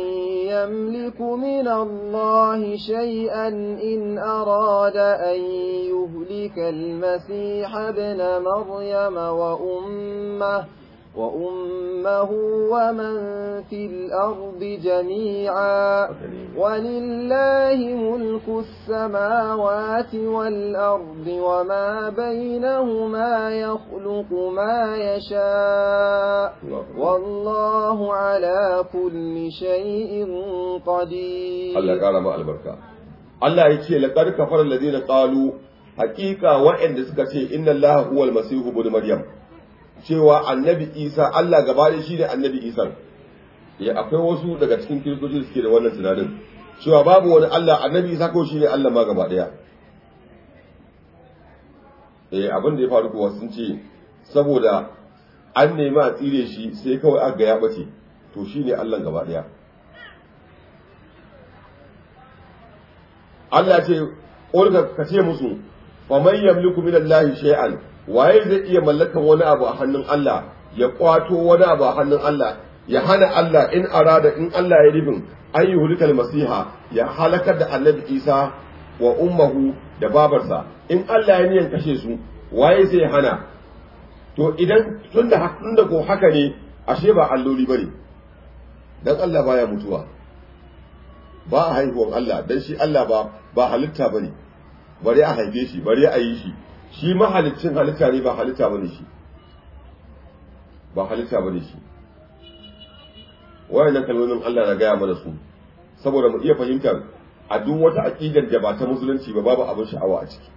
يملك من الله شيئا إن أراد أن يهلك المسيح ابن مريم وأمه وأمه ومن في الأرض جميعا ولله ملك السماوات والأرض وما بينهما يخلق ما يشاء والله على كل شيء قدير الله قال ما البركة الله يتشي لقد كفر الذين قالوا حقيقة وإن سكتي إن الله هو المسيح ابن مريم cewa annabi isa allah gaba da shi ne annabi isa ya eh, akwai wasu daga cikin kiristoci da suke da wannan tunanin cewa babu wani allah annabi isa ko shi ne allah ma gaba daya eh abin da ya faru kuwa sun ce saboda an nemi a tsire shi sai kawai aka ya bace to shi ne allah gaba daya Allah ce, Ƙorka ka ce musu, wa man yamliku min Allah shay'an waye zai iya mallakan wani abu a hannun Allah ya kwato wani abu a hannun Allah ya hana Allah in arada in Allah ya ribin an yi hulikal masiha ya halakar da annabi Isa wa ummahu da babarsa in Allah ya niyan kashe su waye zai hana to idan tunda da ko haka ne ashe ba alloli bane dan Allah baya mutuwa ba a haihuwan Allah dan shi Allah ba ba halitta bane bari a haife shi bari a yi shi shi mahalicin halitta ne ba halitta bane shi ba halitta bane shi nan kalmomin Allah na gaya mana su saboda mu iya fahimtar a duk wata aqidar da ba ta musulunci ba babu abin sha'awa a ciki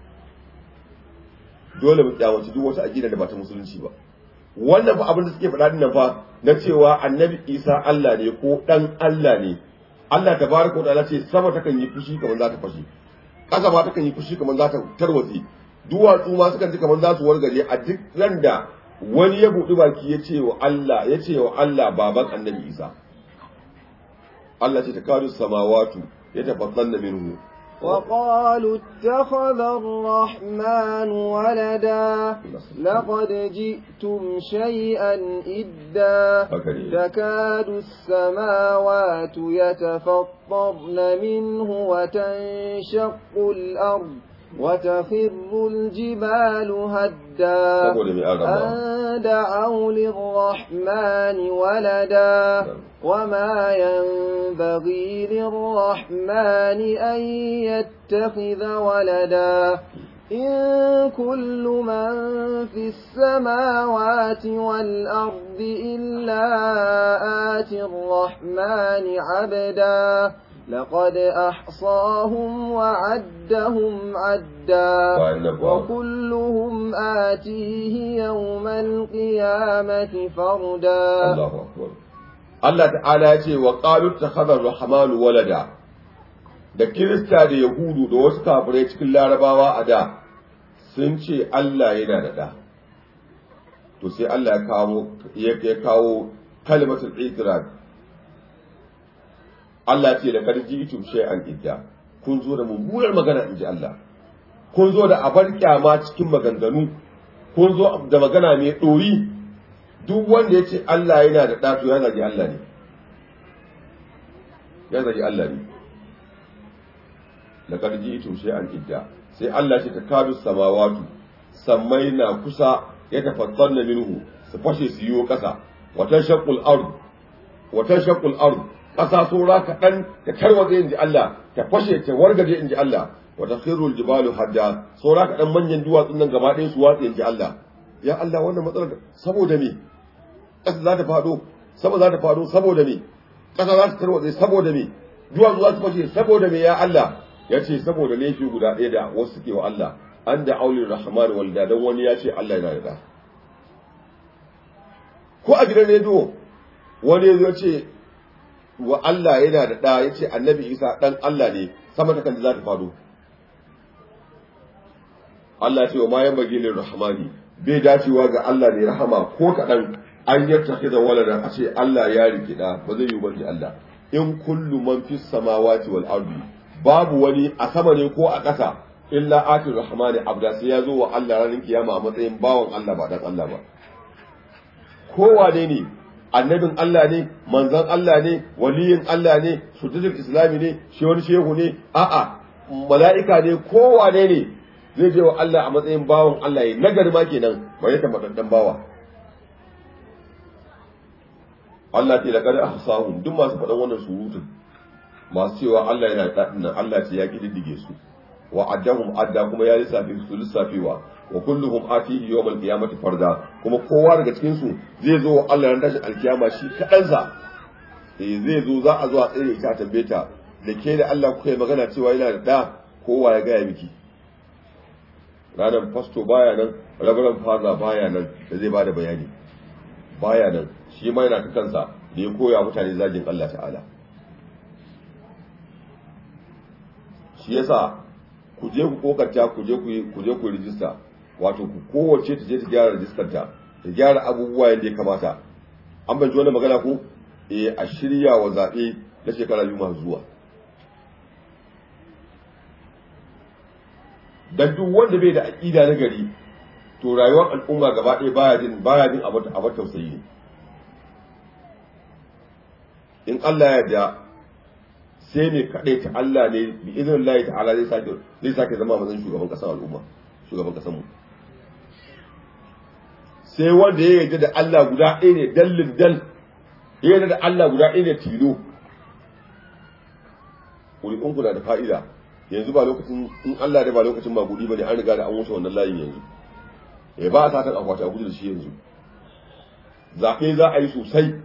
dole mu kyawace duk wata aqidar da ba ta musulunci ba wannan fa abin da suke faɗa dinnan fa na cewa annabi Isa Allah ne ko dan Allah ne Allah tabaraka wa ta'ala ce sama takan yi fushi kamar za ta fashi ba ma takan yi fushi kamar za ta tarwatsi duwatsu ma sukan ji kamar za su wargaje a duk ran da wani ya buɗi baki ya ce wa Allah ya ce wa Allah baban annabi Isa Allah ce ta kawo samawatu ya tafatsan da minhu وقالوا اتخذ الرحمن ولدا لقد جئتم شيئا إدا تكاد السماوات يتفطرن منه وتنشق الأرض وتخر الجبال هدا أن دعوا للرحمن ولدا نعم. وما ينبغي للرحمن أن يتخذ ولدا إن كل من في السماوات والأرض إلا آتي الرحمن عبدا لقد أحصاهم وعدهم عدا وكلهم آتيه يوم القيامة فردا الله أكبر الله تعالى يقول وقالوا اتخذ الرحمن ولدا da Kirista da Yahudu da wasu kafirai cikin larabawa a da sun ce Allah yana da ɗa, to sai Allah ya kawo kalmatul itiraf Allah ce da tum shay an idda kun zo da mummunar magana in ji Allah kun zo da abar kyama cikin maganganu kun zo da magana mai ɗori duk wanda ya ce Allah yana da dato ya zagi Allah ne yana ji Allah ne da tum shay an idda sai Allah ce ta kadu samawatu sammai na kusa ya tafattanna minhu su fashe su yiwo ƙasa watan shakul ard watan shakul ard ƙasa ka ɗan ta tarwatse in ji Allah ta fashe ta wargaje in ji Allah wa khirul jibalu hadda ka ɗan manyan duwatsun nan gaba ɗaya su watse in ji Allah ya Allah wannan matsalar saboda me ƙasa za ta faɗo sama za ta faɗo saboda me ƙasa za ta tarwatse saboda me duwatsu za su fashe saboda me ya Allah ya ce saboda laifi guda ɗaya da wasu ke wa Allah an da aulin rahman walda don wani ya ce Allah yana da ko a gidan rediyo wani ya ce wa Allah yana da ɗa ya ce annabi isa ɗan Allah ne sama ta kan za ta faru Allah ce wa ma bagilin rahamani bai dacewa ga Allah ne rahama ko kaɗan an yi yarta da a ce Allah ya rikida ba zai yi bane Allah in kullu man fi samawati wal ardi babu wani a sama ne ko a ƙasa illa atir rahmani abda sai ya zo wa Allah ranar kiyama a matsayin bawan Allah ba dan Allah ba kowa ne ne annabin Allah ne manzon Allah ne waliyin Allah ne shugaban islami ne shi wani shehu ne a'a mala'ika ne kowa ne zai je wa Allah a matsayin bawan Allah ya nagari ma kenan ba yake bawa Allah ce laqad ahsahum duk masu faɗan wannan surutun masu cewa Allah yana da Allah ce ya kididdige su wa addahum adda kuma ya lissafi su lissafewa wa kulluhum atihi yawmal qiyamati farda kuma kowa daga cikin su zai zo wa Allah ran tashi alkiyama shi kadansa eh zai zo za a zo a tsare ka tambaye ta da ke da Allah kuka magana cewa yana da da kowa ya gaya miki ranar fasto baya nan rabaran faza baya nan da zai bada bayani baya nan shi ma yana ta kansa da ya koya mutane zagin Allah ta'ala shi yasa ku je ku kokarta ku je ku ku je ku rijista wato ku kowace ta je ta gyara rajistar ta ta gyara abubuwa yadda ya kamata an banci wannan magana ko eh a shirya wa zaɓe na shekara biyu masu zuwa don duk wanda bai da aƙida na gari to rayuwar al'umma gaba ɗaya baya jin baya jin abar tausayi ne in Allah ya da sai ne kaɗai ta Allah ne bi izinin Allah ta'ala zai sake zama mazan shugaban ƙasar al'umma shugaban ƙasar mu sai wanda ya yarda da Allah guda ɗaya ne dallin dal ya yarda da Allah guda ɗaya ne tilo ƙuri'un kula da fa'ida yanzu ba lokacin in Allah da ba lokacin magudi ba ne an riga da an wuce wannan layin yanzu ya eh, ba ta satan akwati a gudu da shi yanzu zaɓe za a yi sosai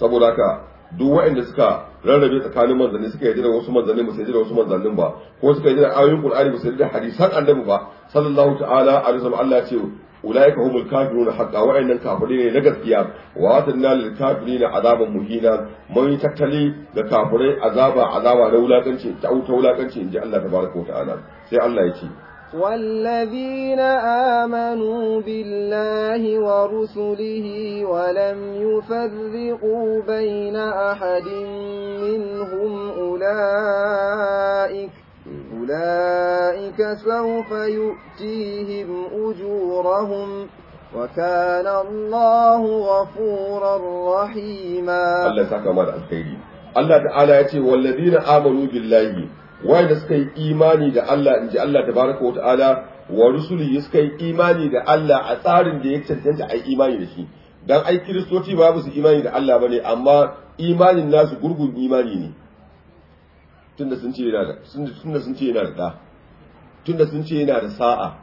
saboda haka duk waɗanda suka rarrabe tsakanin manzanni suka yi da wasu manzanni ba su yi da wasu manzannin ba ko suka yi da ayoyin qur'ani ba su yi da hadisan annabi ba sallallahu ta'ala alaihi wasallam Allah ya ce ulaika humul kafirun haqqa wa'annan kafirai ne na gaskiya wa atanna lil kafirin azaban muhina mun tattali da kafirai azaba azaba da wulakanci ta wulakanci inji Allah tabaraka wa ta'ala sai Allah ya ce والذين آمنوا بالله ورسله ولم يفرقوا بين أحد منهم أولئك أولئك سوف يؤتيهم أجورهم وكان الله غفورا رحيما الله تعالى الخير والذين آمنوا بالله wanda suka yi imani da Allah inji Allah tabaraka wa ta'ala wa rusuli suka yi imani da Allah a tsarin da ya cancanta a imani da shi dan ai kiristoci ba su imani da Allah bane amma imanin nasu gurgun imani ne tunda sun ce yana da tunda sun ce yana da da tunda sun ce yana da sa'a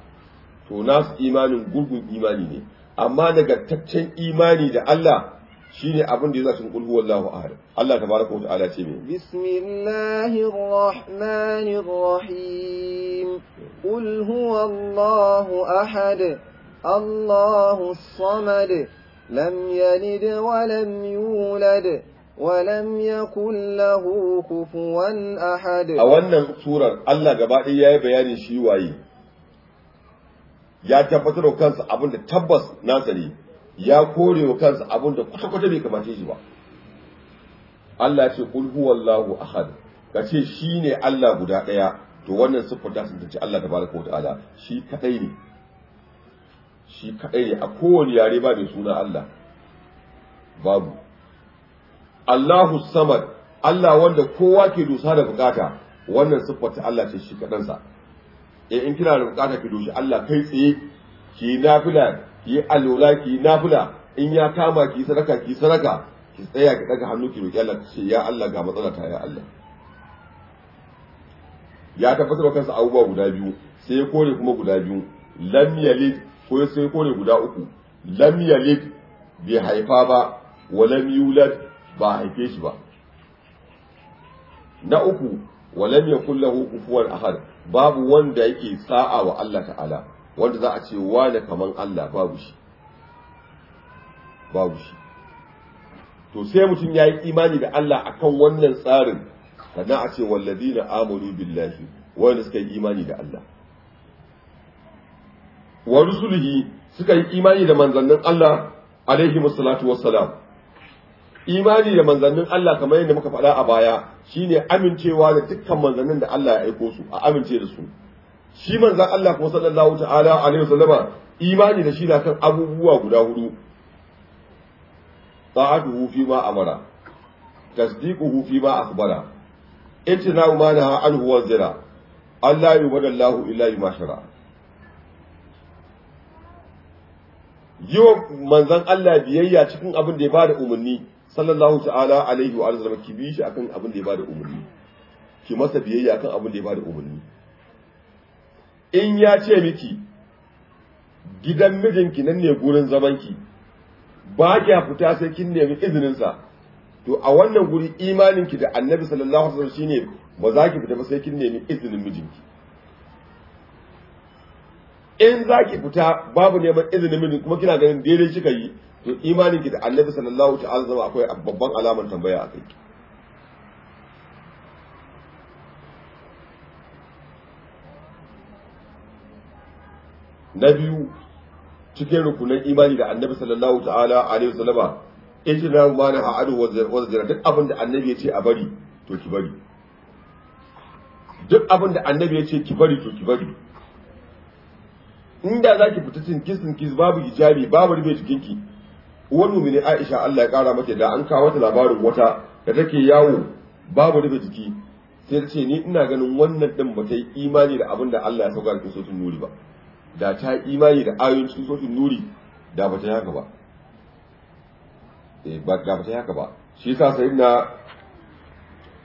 to nasu imanin gurgun imani ne amma nagartaccen imani da Allah shine abin da ya zaci kulhu wallahu ahad Allah tabaraka wa ta'ala ce me bismillahir rahmanir rahim qul huwallahu ahad samad lam yalid wa lam yulad ولم يكن له كفوا ahad a wannan surar Allah gaba ɗaya yayi bayanin shi waye ya tabbatar da kansa abin da tabbas nasa ne ya kore wa kansa abin da kwata-kwata bai kamace shi ba Allah ce kul huwallahu ahad ka ce shine Allah guda ɗaya to wannan siffar sun tace Allah tabaraka wa ta'ala shi kadai ne shi kadai ne a kowane yare ba mai suna Allah babu Allahu samad Allah wanda kowa ke dusa da bukata wannan siffar ta Allah ce shi kadansa eh in kina da bukata ki dushi Allah kai tsaye ki nafila ki alola ki nafila in ya kama ki sadaka ki sadaka ki tsaya ki daga hannu ki roki Allah ce ya Allah ga matsala ta ya Allah ya tabbatar da kansa abubuwa guda biyu sai ya kore kuma guda biyu lam yalid ko sai ya kore guda uku lam yalid bai haifa ba wa lam yulad ba haife shi ba na uku wa lam yakul lahu kufuwan ahad babu wanda yake sa'a wa Allah ta'ala wanda za a ce wane kaman Allah babu shi babu shi to sai mutum ya yi imani da Allah akan wannan tsarin kana a ce na amuru billahi wanda suka yi imani da Allah wa rusulihi suka yi imani da manzannin Allah alaihi musallatu wassalam imani da manzannin Allah kamar yadda muka faɗa a baya shine amincewa da dukkan manzannin da Allah ya aiko su a amince da su shi manzan Allah kuma sallallahu ta'ala alaihi wasallama imani da shi na kan abubuwa guda hudu ta'atuhu fi ma amara tasdiquhu fi ma akhbara ittina'u ma naha anhu wa zira Allah yubadallahu illa bima shara yo manzan Allah biyayya cikin abin da ya bada umarni sallallahu ta'ala alaihi wa sallam ki bi shi akan abin da ya bada umarni ki masa biyayya akan abin da ya bada umarni in ya ce miki gidan mijinki nan ne gurin zamanki ba kya fita sai kin nemi izininsa to a wannan guri imaninki da annabi sallallahu alaihi wasallam shine ba za ki fita ba sai kin nemi izinin mijinki in za ki fita babu neman izinin mijin kuma kina ganin daidai kika yi to imaninki da annabi sallallahu alaihi wasallam akwai babban alamar tambaya a kai na biyu cikin rukunan imani da annabi sallallahu ta'ala alaihi wasallama na mana a ha'adu wa zira duk abin da annabi ya ce a bari to ki bari duk abin da annabi ya ce ki bari to ki bari inda ki fita cin kisin kis babu hijabi babu rufe jikinki uwar mumini Aisha Allah ya kara mata da an kawo ta labarin wata da take yawo babu ribe jiki sai ta ce ni ina ganin wannan din ba ta yi imani da abin da Allah ya sauka so sotun nuri ba da ta imani da ayoyin cikin sotun nuri da ba ta yi haka ba eh ba ga ba ta yi haka ba shi yasa sayyidina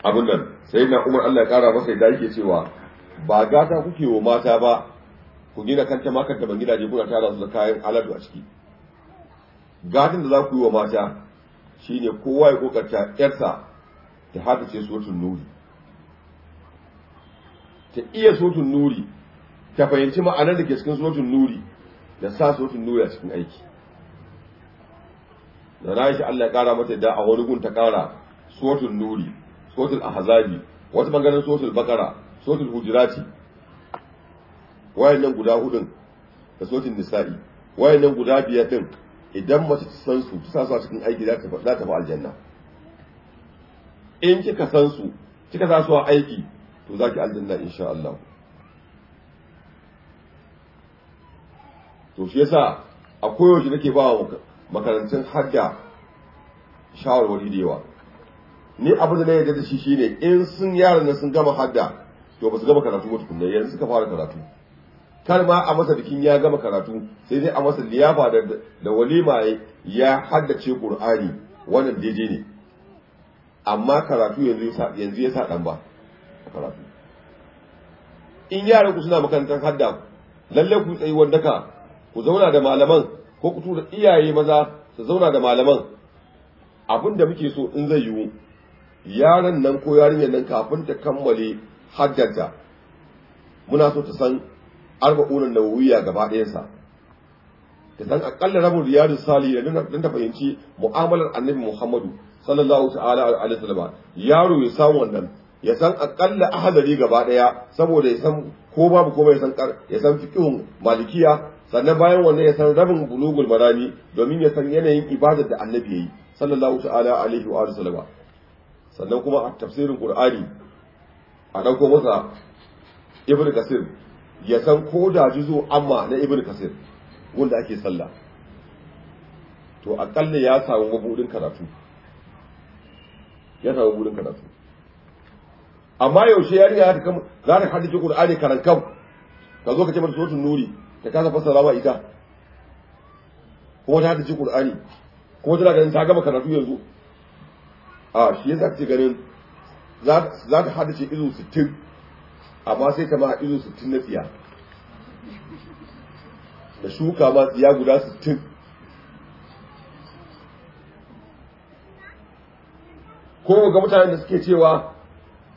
abun nan na Umar Allah ya kara masa da yake cewa ba gata kuke wa mata ba ku gina kanta makar da ban gidaje kuna tara su da kayan aladu a ciki gatin da za ku yi wa mata shi ne kowa ya kokarta yarsa ta hada ce sotun nuri ta iya sotun nuri ta fahimci ma'anar da ke cikin suratul nuri da sa suratul nuri a cikin aiki da na shi Allah ya kara mata da a wani gun ta kara suratul nuri suratul ahazabi wata bangaren suratul bakara suratul hujurati wayannan guda hudun da suratul nisa'i wayannan guda biyar din idan mace ta san su ta sa cikin aiki za ta tafi aljanna in kika san su kika sa su a aiki to za ki aljanna insha Allah to shi yasa a koyaushe nake ba wa makarantun hadda shawarwari da yawa ni abin da na yarda da shi shine in sun yaran nan sun gama hadda to ba su gama karatu ba tukunna yanzu suka fara karatu kar ma a masa bikin ya gama karatu sai dai a masa liyafa da walima ya haddace qur'ani wannan daidai ne amma karatu yanzu ya sa ɗan ba karatu in yaran ku suna makarantar hadda lalle ku tsayi wanda ka ku zauna da malaman ko ku tura iyaye maza su zauna da malaman abin da muke so in zai yiwu yaran nan ko yarinyar nan kafin ta kammale haddarta muna so ta san arba'unan wuya gaba ɗayansa ta san akalla rabin riyadu sali nan ta fahimci mu'amalar annabi muhammadu sallallahu ta'ala alaihi wasallam yaro ya samu wannan ya san akalla ahadari gaba daya saboda ya san ko babu ko bai san ya san fiqhun malikiya sannan bayan wannan ya san rabin bulugul marami domin ya san yanayin ibadar da annabi yayi sallallahu ta'ala alaihi wa sallama sannan kuma a tafsirin qur'ani a dauko masa ibnu kasir ya san ko da juzu amma na ibnu kasir wanda ake sallah to akalla ya samu mabudin karatu ya samu mabudin karatu amma yaushe kama za ta haddace qur'ani karankan ka zo ka ce mata suratul nuri ta kasa fassara ba ita ko ta ji qur'ani ko tana ganin ta gama karatu yanzu a shi yasa kake ganin za ta hadace izu 60 amma sai ta ma izu 60 na tsiya da shuka ma tsiya guda 60 ko ga mutanen da suke cewa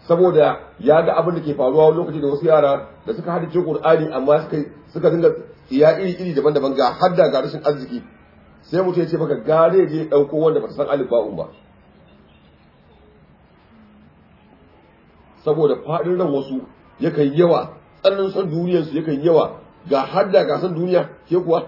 saboda ya ga abin da ke faruwa lokaci da wasu yara da suka hada hadice Qur'ani amma suka suka dinga ya iri iri daban-daban ga hadda ga rashin arziki sai mutum ya ce baka gare je dauko wanda ba san alif ba'un ba saboda fadin ran wasu yakan yawa tsannin son duniyar su yakan yawa ga hadda ga san duniya ke kuwa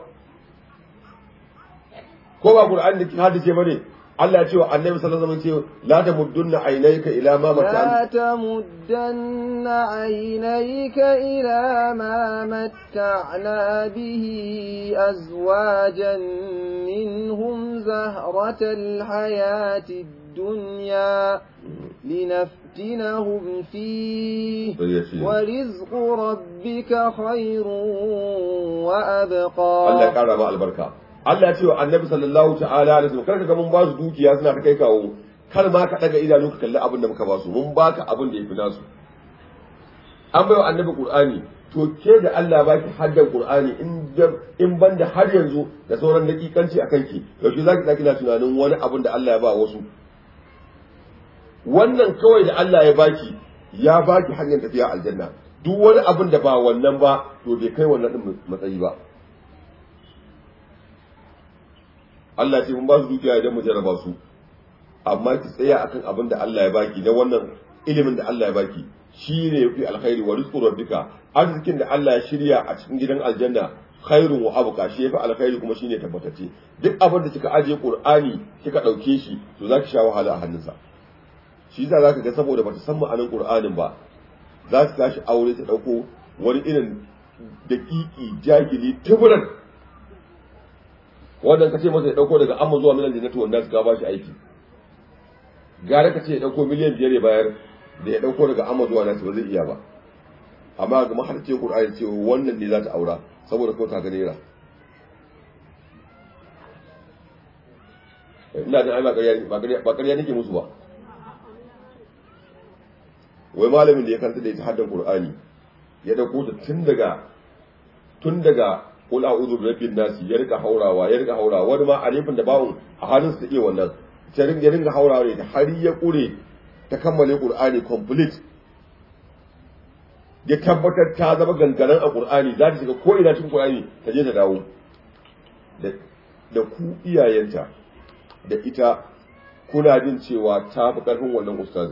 ko ba Qur'ani da ke ce bane Allah ce wa annabi sallallahu alaihi wasallam ce la tamuddanna aynayka ila ma matan la tamuddanna aynayka ila ma matta'na bihi azwajan minhum zahratal hayatid dunya لنفتنهم فيه ورزق ربك خير وأبقى الله كرم البركة Allah ya ce wa annabi sallallahu ta'ala da zuwa karka ga mun ba su dukiya suna ta kai kawo kar ma ka daga idanu ka kalli abin da muka ba su mun baka abin da yafi nasu an bai wa annabi qur'ani to ke da Allah ba ki haddan qur'ani in in banda har yanzu da sauran dakikanci akan ki yaushe zaki zaki na tunanin wani abin da Allah ya ba wasu wannan kawai da Allah ya baki ya baki hanyar tafiya aljanna duk wani abin da ba wannan ba to bai kai wannan din matsayi ba Allah ce mun ba su dukiya idan mu jarraba su amma ki tsaya akan abin da Allah ya baki na wannan ilimin da Allah ya baki shi ne yafi alkhairi wa rizqu rabbika arzikin da Allah ya shirya a cikin gidan aljanna khairun wa abqa shi yafi alkhairi kuma shine tabbatacce duk abin da kika aje qur'ani kika dauke shi to zaki sha wahala a hannunsa shi za zaka ga saboda bata san ma'anar qur'anin ba za ta tashi aure ta dauko wani irin daƙiƙi jahili tuburan wannan kace masa ya dauko daga amma zuwa milan jannatu wanda ka ba shi aiki gara kace ya dauko miliyan biyar ya bayar da ya dauko daga amma zuwa nasu ba zai iya ba amma ga maharce qur'ani ce wannan ne za ta aura saboda ko ta ga naira ina da ai ba ƙarya ba ƙarya nake musu ba wai malamin da ya kanta da ita haddan qur'ani ya dauko ta tun daga tun daga kul a'udhu bi rabbin nas ya rika haurawa ya rika haurawa wani ma alifin da bawo a halin su take wannan ta rinka ya haurawa ne har ya kure ta kammale qur'ani complete ya tabbatar ta zama gangaren a qur'ani za ta shiga ko ina cikin qur'ani ta je ta dawo da ku iyayenta da ita kuna jin cewa ta fi ƙarfin wannan ustaz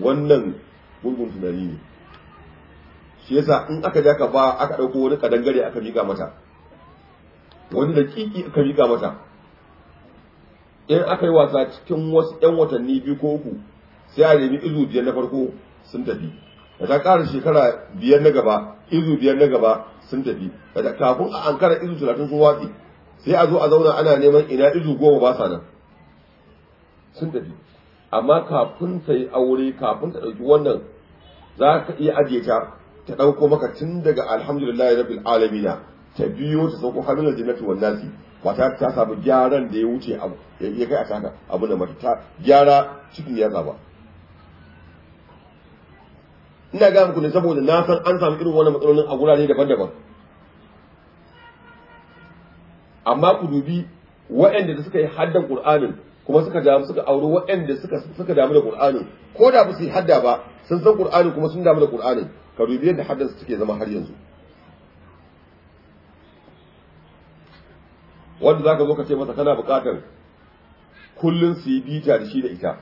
wannan Gungun tunani ne shi yasa in aka ja ka ba aka ɗauko wani kadangare aka miƙa mata wani da kiki aka miƙa mata in aka yi wasa cikin wasu 'yan watanni biyu ko uku sai a nemi izu biyar na farko sun tafi da ta ƙara shekara biyar na gaba izu biyar na gaba sun tafi da kafin a ankara izu talatin sun watsi sai a zo a zauna ana neman ina izu goma ba sa nan sun tafi amma kafin ta yi aure kafin ta ɗauki wannan za ka iya ajiye ta ta ɗauko maka tun daga alhamdulillah rabin alamina ta biyo ta sauko hannun aljannatu wan nasi ba ta ta samu gyaran da ya wuce abu ya kai a taka abu da mata gyara cikin ya ba ina ga muku ne saboda na san an samu irin wannan matsalolin a gurare daban-daban amma ku dubi waɗanda da suka yi haddan Qur'anin kuma suka damu suka auri waɗanda suka damu da Qur'anin ko da ba su yi hadda ba sun san ƙur'ani kuma sun damu da ƙur'ani ka dubi yadda haddan su suke zama har yanzu wanda za ka zo ka ce masa kana buƙatar kullum su yi bita da shi da ita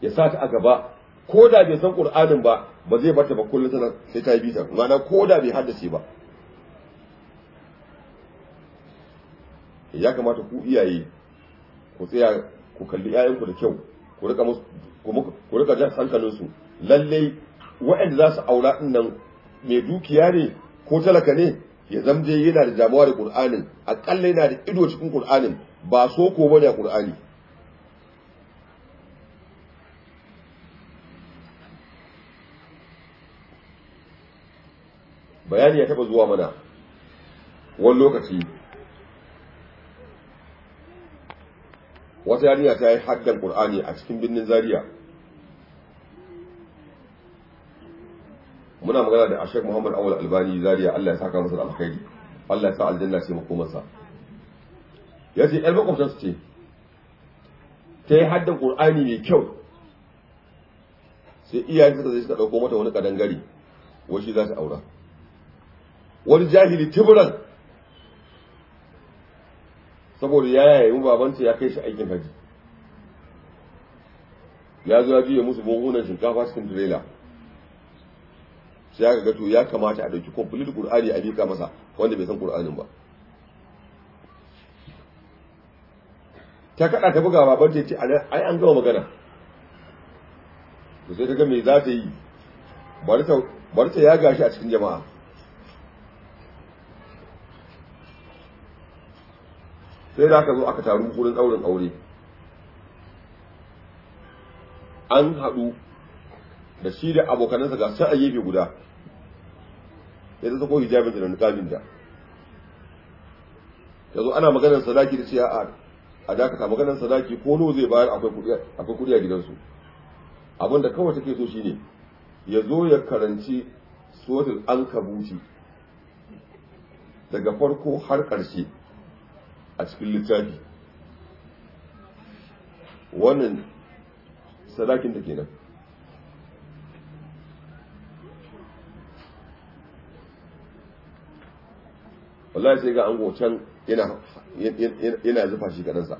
ya sa ta a gaba ko da bai san ƙur'anin ba ba zai barta ba kullum tana sai ta yi bita ma'ana ko da bai haddace ba ya kamata ku iyaye ku tsaya ku kalli 'ya'yanku da kyau ku rika jan hankalinsu Lallai, waɗanda za su aura ɗin nan mai dukiya ne ko talaka ne ya zamje yana da damuwa da ƙul'anin aƙalla yana da ido cikin ƙul'anin ba so ko bane a bayani ya taba zuwa mana wani lokaci wata yarinya ta yi haddan ƙul'ani a cikin birnin Zariya. muna magana da Ashek Muhammad awul Albani Zaria Allah ya saka masa da alkhairi Allah ya sa aljanna ce makomarsa ya ce yar makwabta ce ta yi haddan Qur'ani mai kyau sai iyayen suka zai ta ɗauko mata wani kadangare wani za su aura wani jahili tiburan saboda ya yayi babanta ya kai shi aikin haji ya zo ya juya musu buhunan shinkafa cikin tirela sai aka ga ya kamata a dauki complete qur'ani a bika masa wanda bai san kur'ani ba ta kada ta buga baban ta ce ai an gama magana to sai ta ga me za ta yi bari ta ya gashi a cikin jama'a sai da aka zo aka taru wurin ɗaurin aure an haɗu da shi da abokanansa ga sun a gefe guda ya zata ko hijabin da niqabin da zo ana maganar sadaki da ce a dakata maganar sadaki ko no zai bayar akwai kudi a gidansu abinda kawai take so ne. ya zo ya karanci anka kabuci daga farko har ƙarshe a cikin littafi wannan sadakin da kenan wallahi sai ga ango can yana yana zufa shi garinsa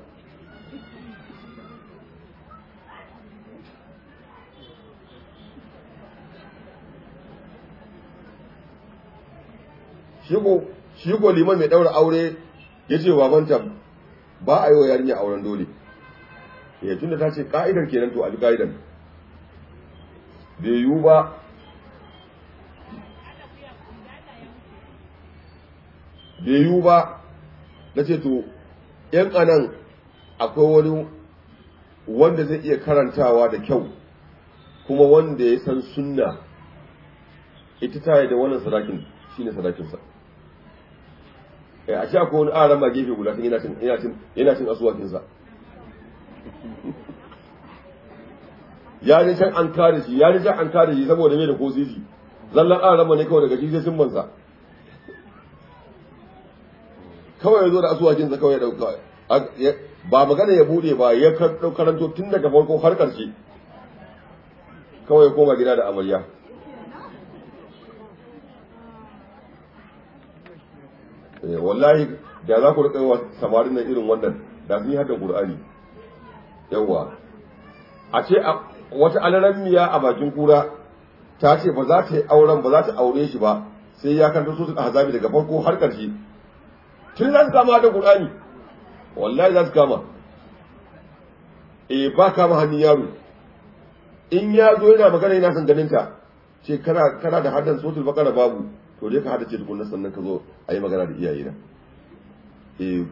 shigo shigo liman mai daura aure ya ce babanta ba a yi wa yarinya auren dole ya eh, tunda ta ce ka'idar kenan to a ji ka'idar bai yiwu ba bai yiwu ba na ce to yan anan akwai wani wanda zai iya karantawa da kyau kuma wanda ya san sunna ita ta da wannan sadakin ne sadakinsa eh, a shi akwai wani aran ma gefe guda kan yana cin asuwakinsa ya can an kare shi ya can an kare shi saboda mai da ko zizi zallan aran ma ne kawai daga jizai sun mansa kawai ya zo da asuwakin sa kawai ya dauka ba magana ya bude ba ya karanto tun daga farko har karshe kawai ya koma gida da amarya eh, wallahi da za ku rika wa samarin nan irin wannan da sun yi haddan qur'ani yawa a ce wata alarammiya a bakin kura ta ce ba za ta yi auren ba za ta aure shi ba sai ya kanta su a hazabi daga farko har ƙarshe tun za su kama da Qur'ani wallahi za su kama eh ba kama hannun yaro in ya zo yana magana yana san ganinta, ce kana da haddan suratul baqara babu to dai ka hada ce tukunna sannan ka zo a yi magana da iyayena. eh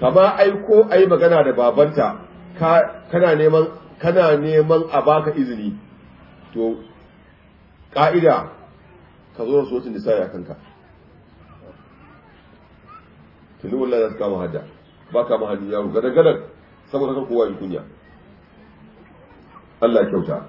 kama aiko ayi magana da babanta ka kana neman a baka izini to ka'ida ka zo da da nisa ya kanka tuni wallahi za su kama hajja ba kama hajji yaro gadan gadan saboda kan kowa yi kunya Allah kyauta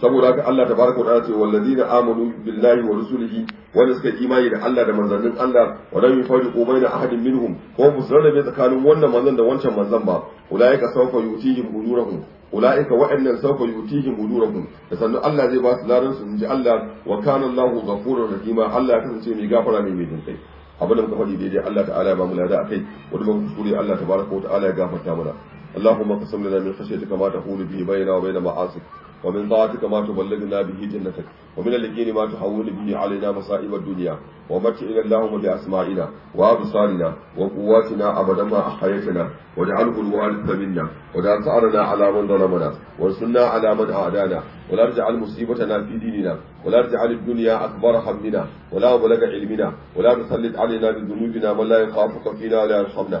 saboda haka Allah ta tabaraka wa ta'ala ce wallazina amanu billahi wa rusulihi wanda suka yi imani da Allah da manzannin Allah wa lam yufariqu baina ahadin minhum ko bu zarrabe tsakanin wannan manzon da wancan manzon ba ulaika sawfa yutihim ujurahum ulaika wa'annan sawfa yutihim ujurahum da sannan Allah zai ba su ladan su inji Allah wa kana Allahu ghafurur rahima Allah ya kasance mai gafara mai mai jinkai abin da muka faɗi daidai Allah ta'ala ya bamu lada akai wanda muka kuskure Allah ta baraka wa ta'ala ya gafarta mana Allahumma kasamna min khashyatika ma tahulu bihi bayna wa bayna ma'asik ومن طاعتك ما تبلغنا به جنتك ومن اليقين ما تحول به علينا مصائب الدنيا ومتعنا اللهم بأسمائنا وأبصارنا وقواتنا أبدا ما أحييتنا واجعله الوارث منا ولا تعرنا على من ظلمنا وانصرنا على من أعدانا ولا تجعل مصيبتنا في ديننا ولا تجعل الدنيا أكبر همنا ولا مبلغ علمنا ولا تسلط علينا بذنوبنا من لا يخافك فينا ولا يرحمنا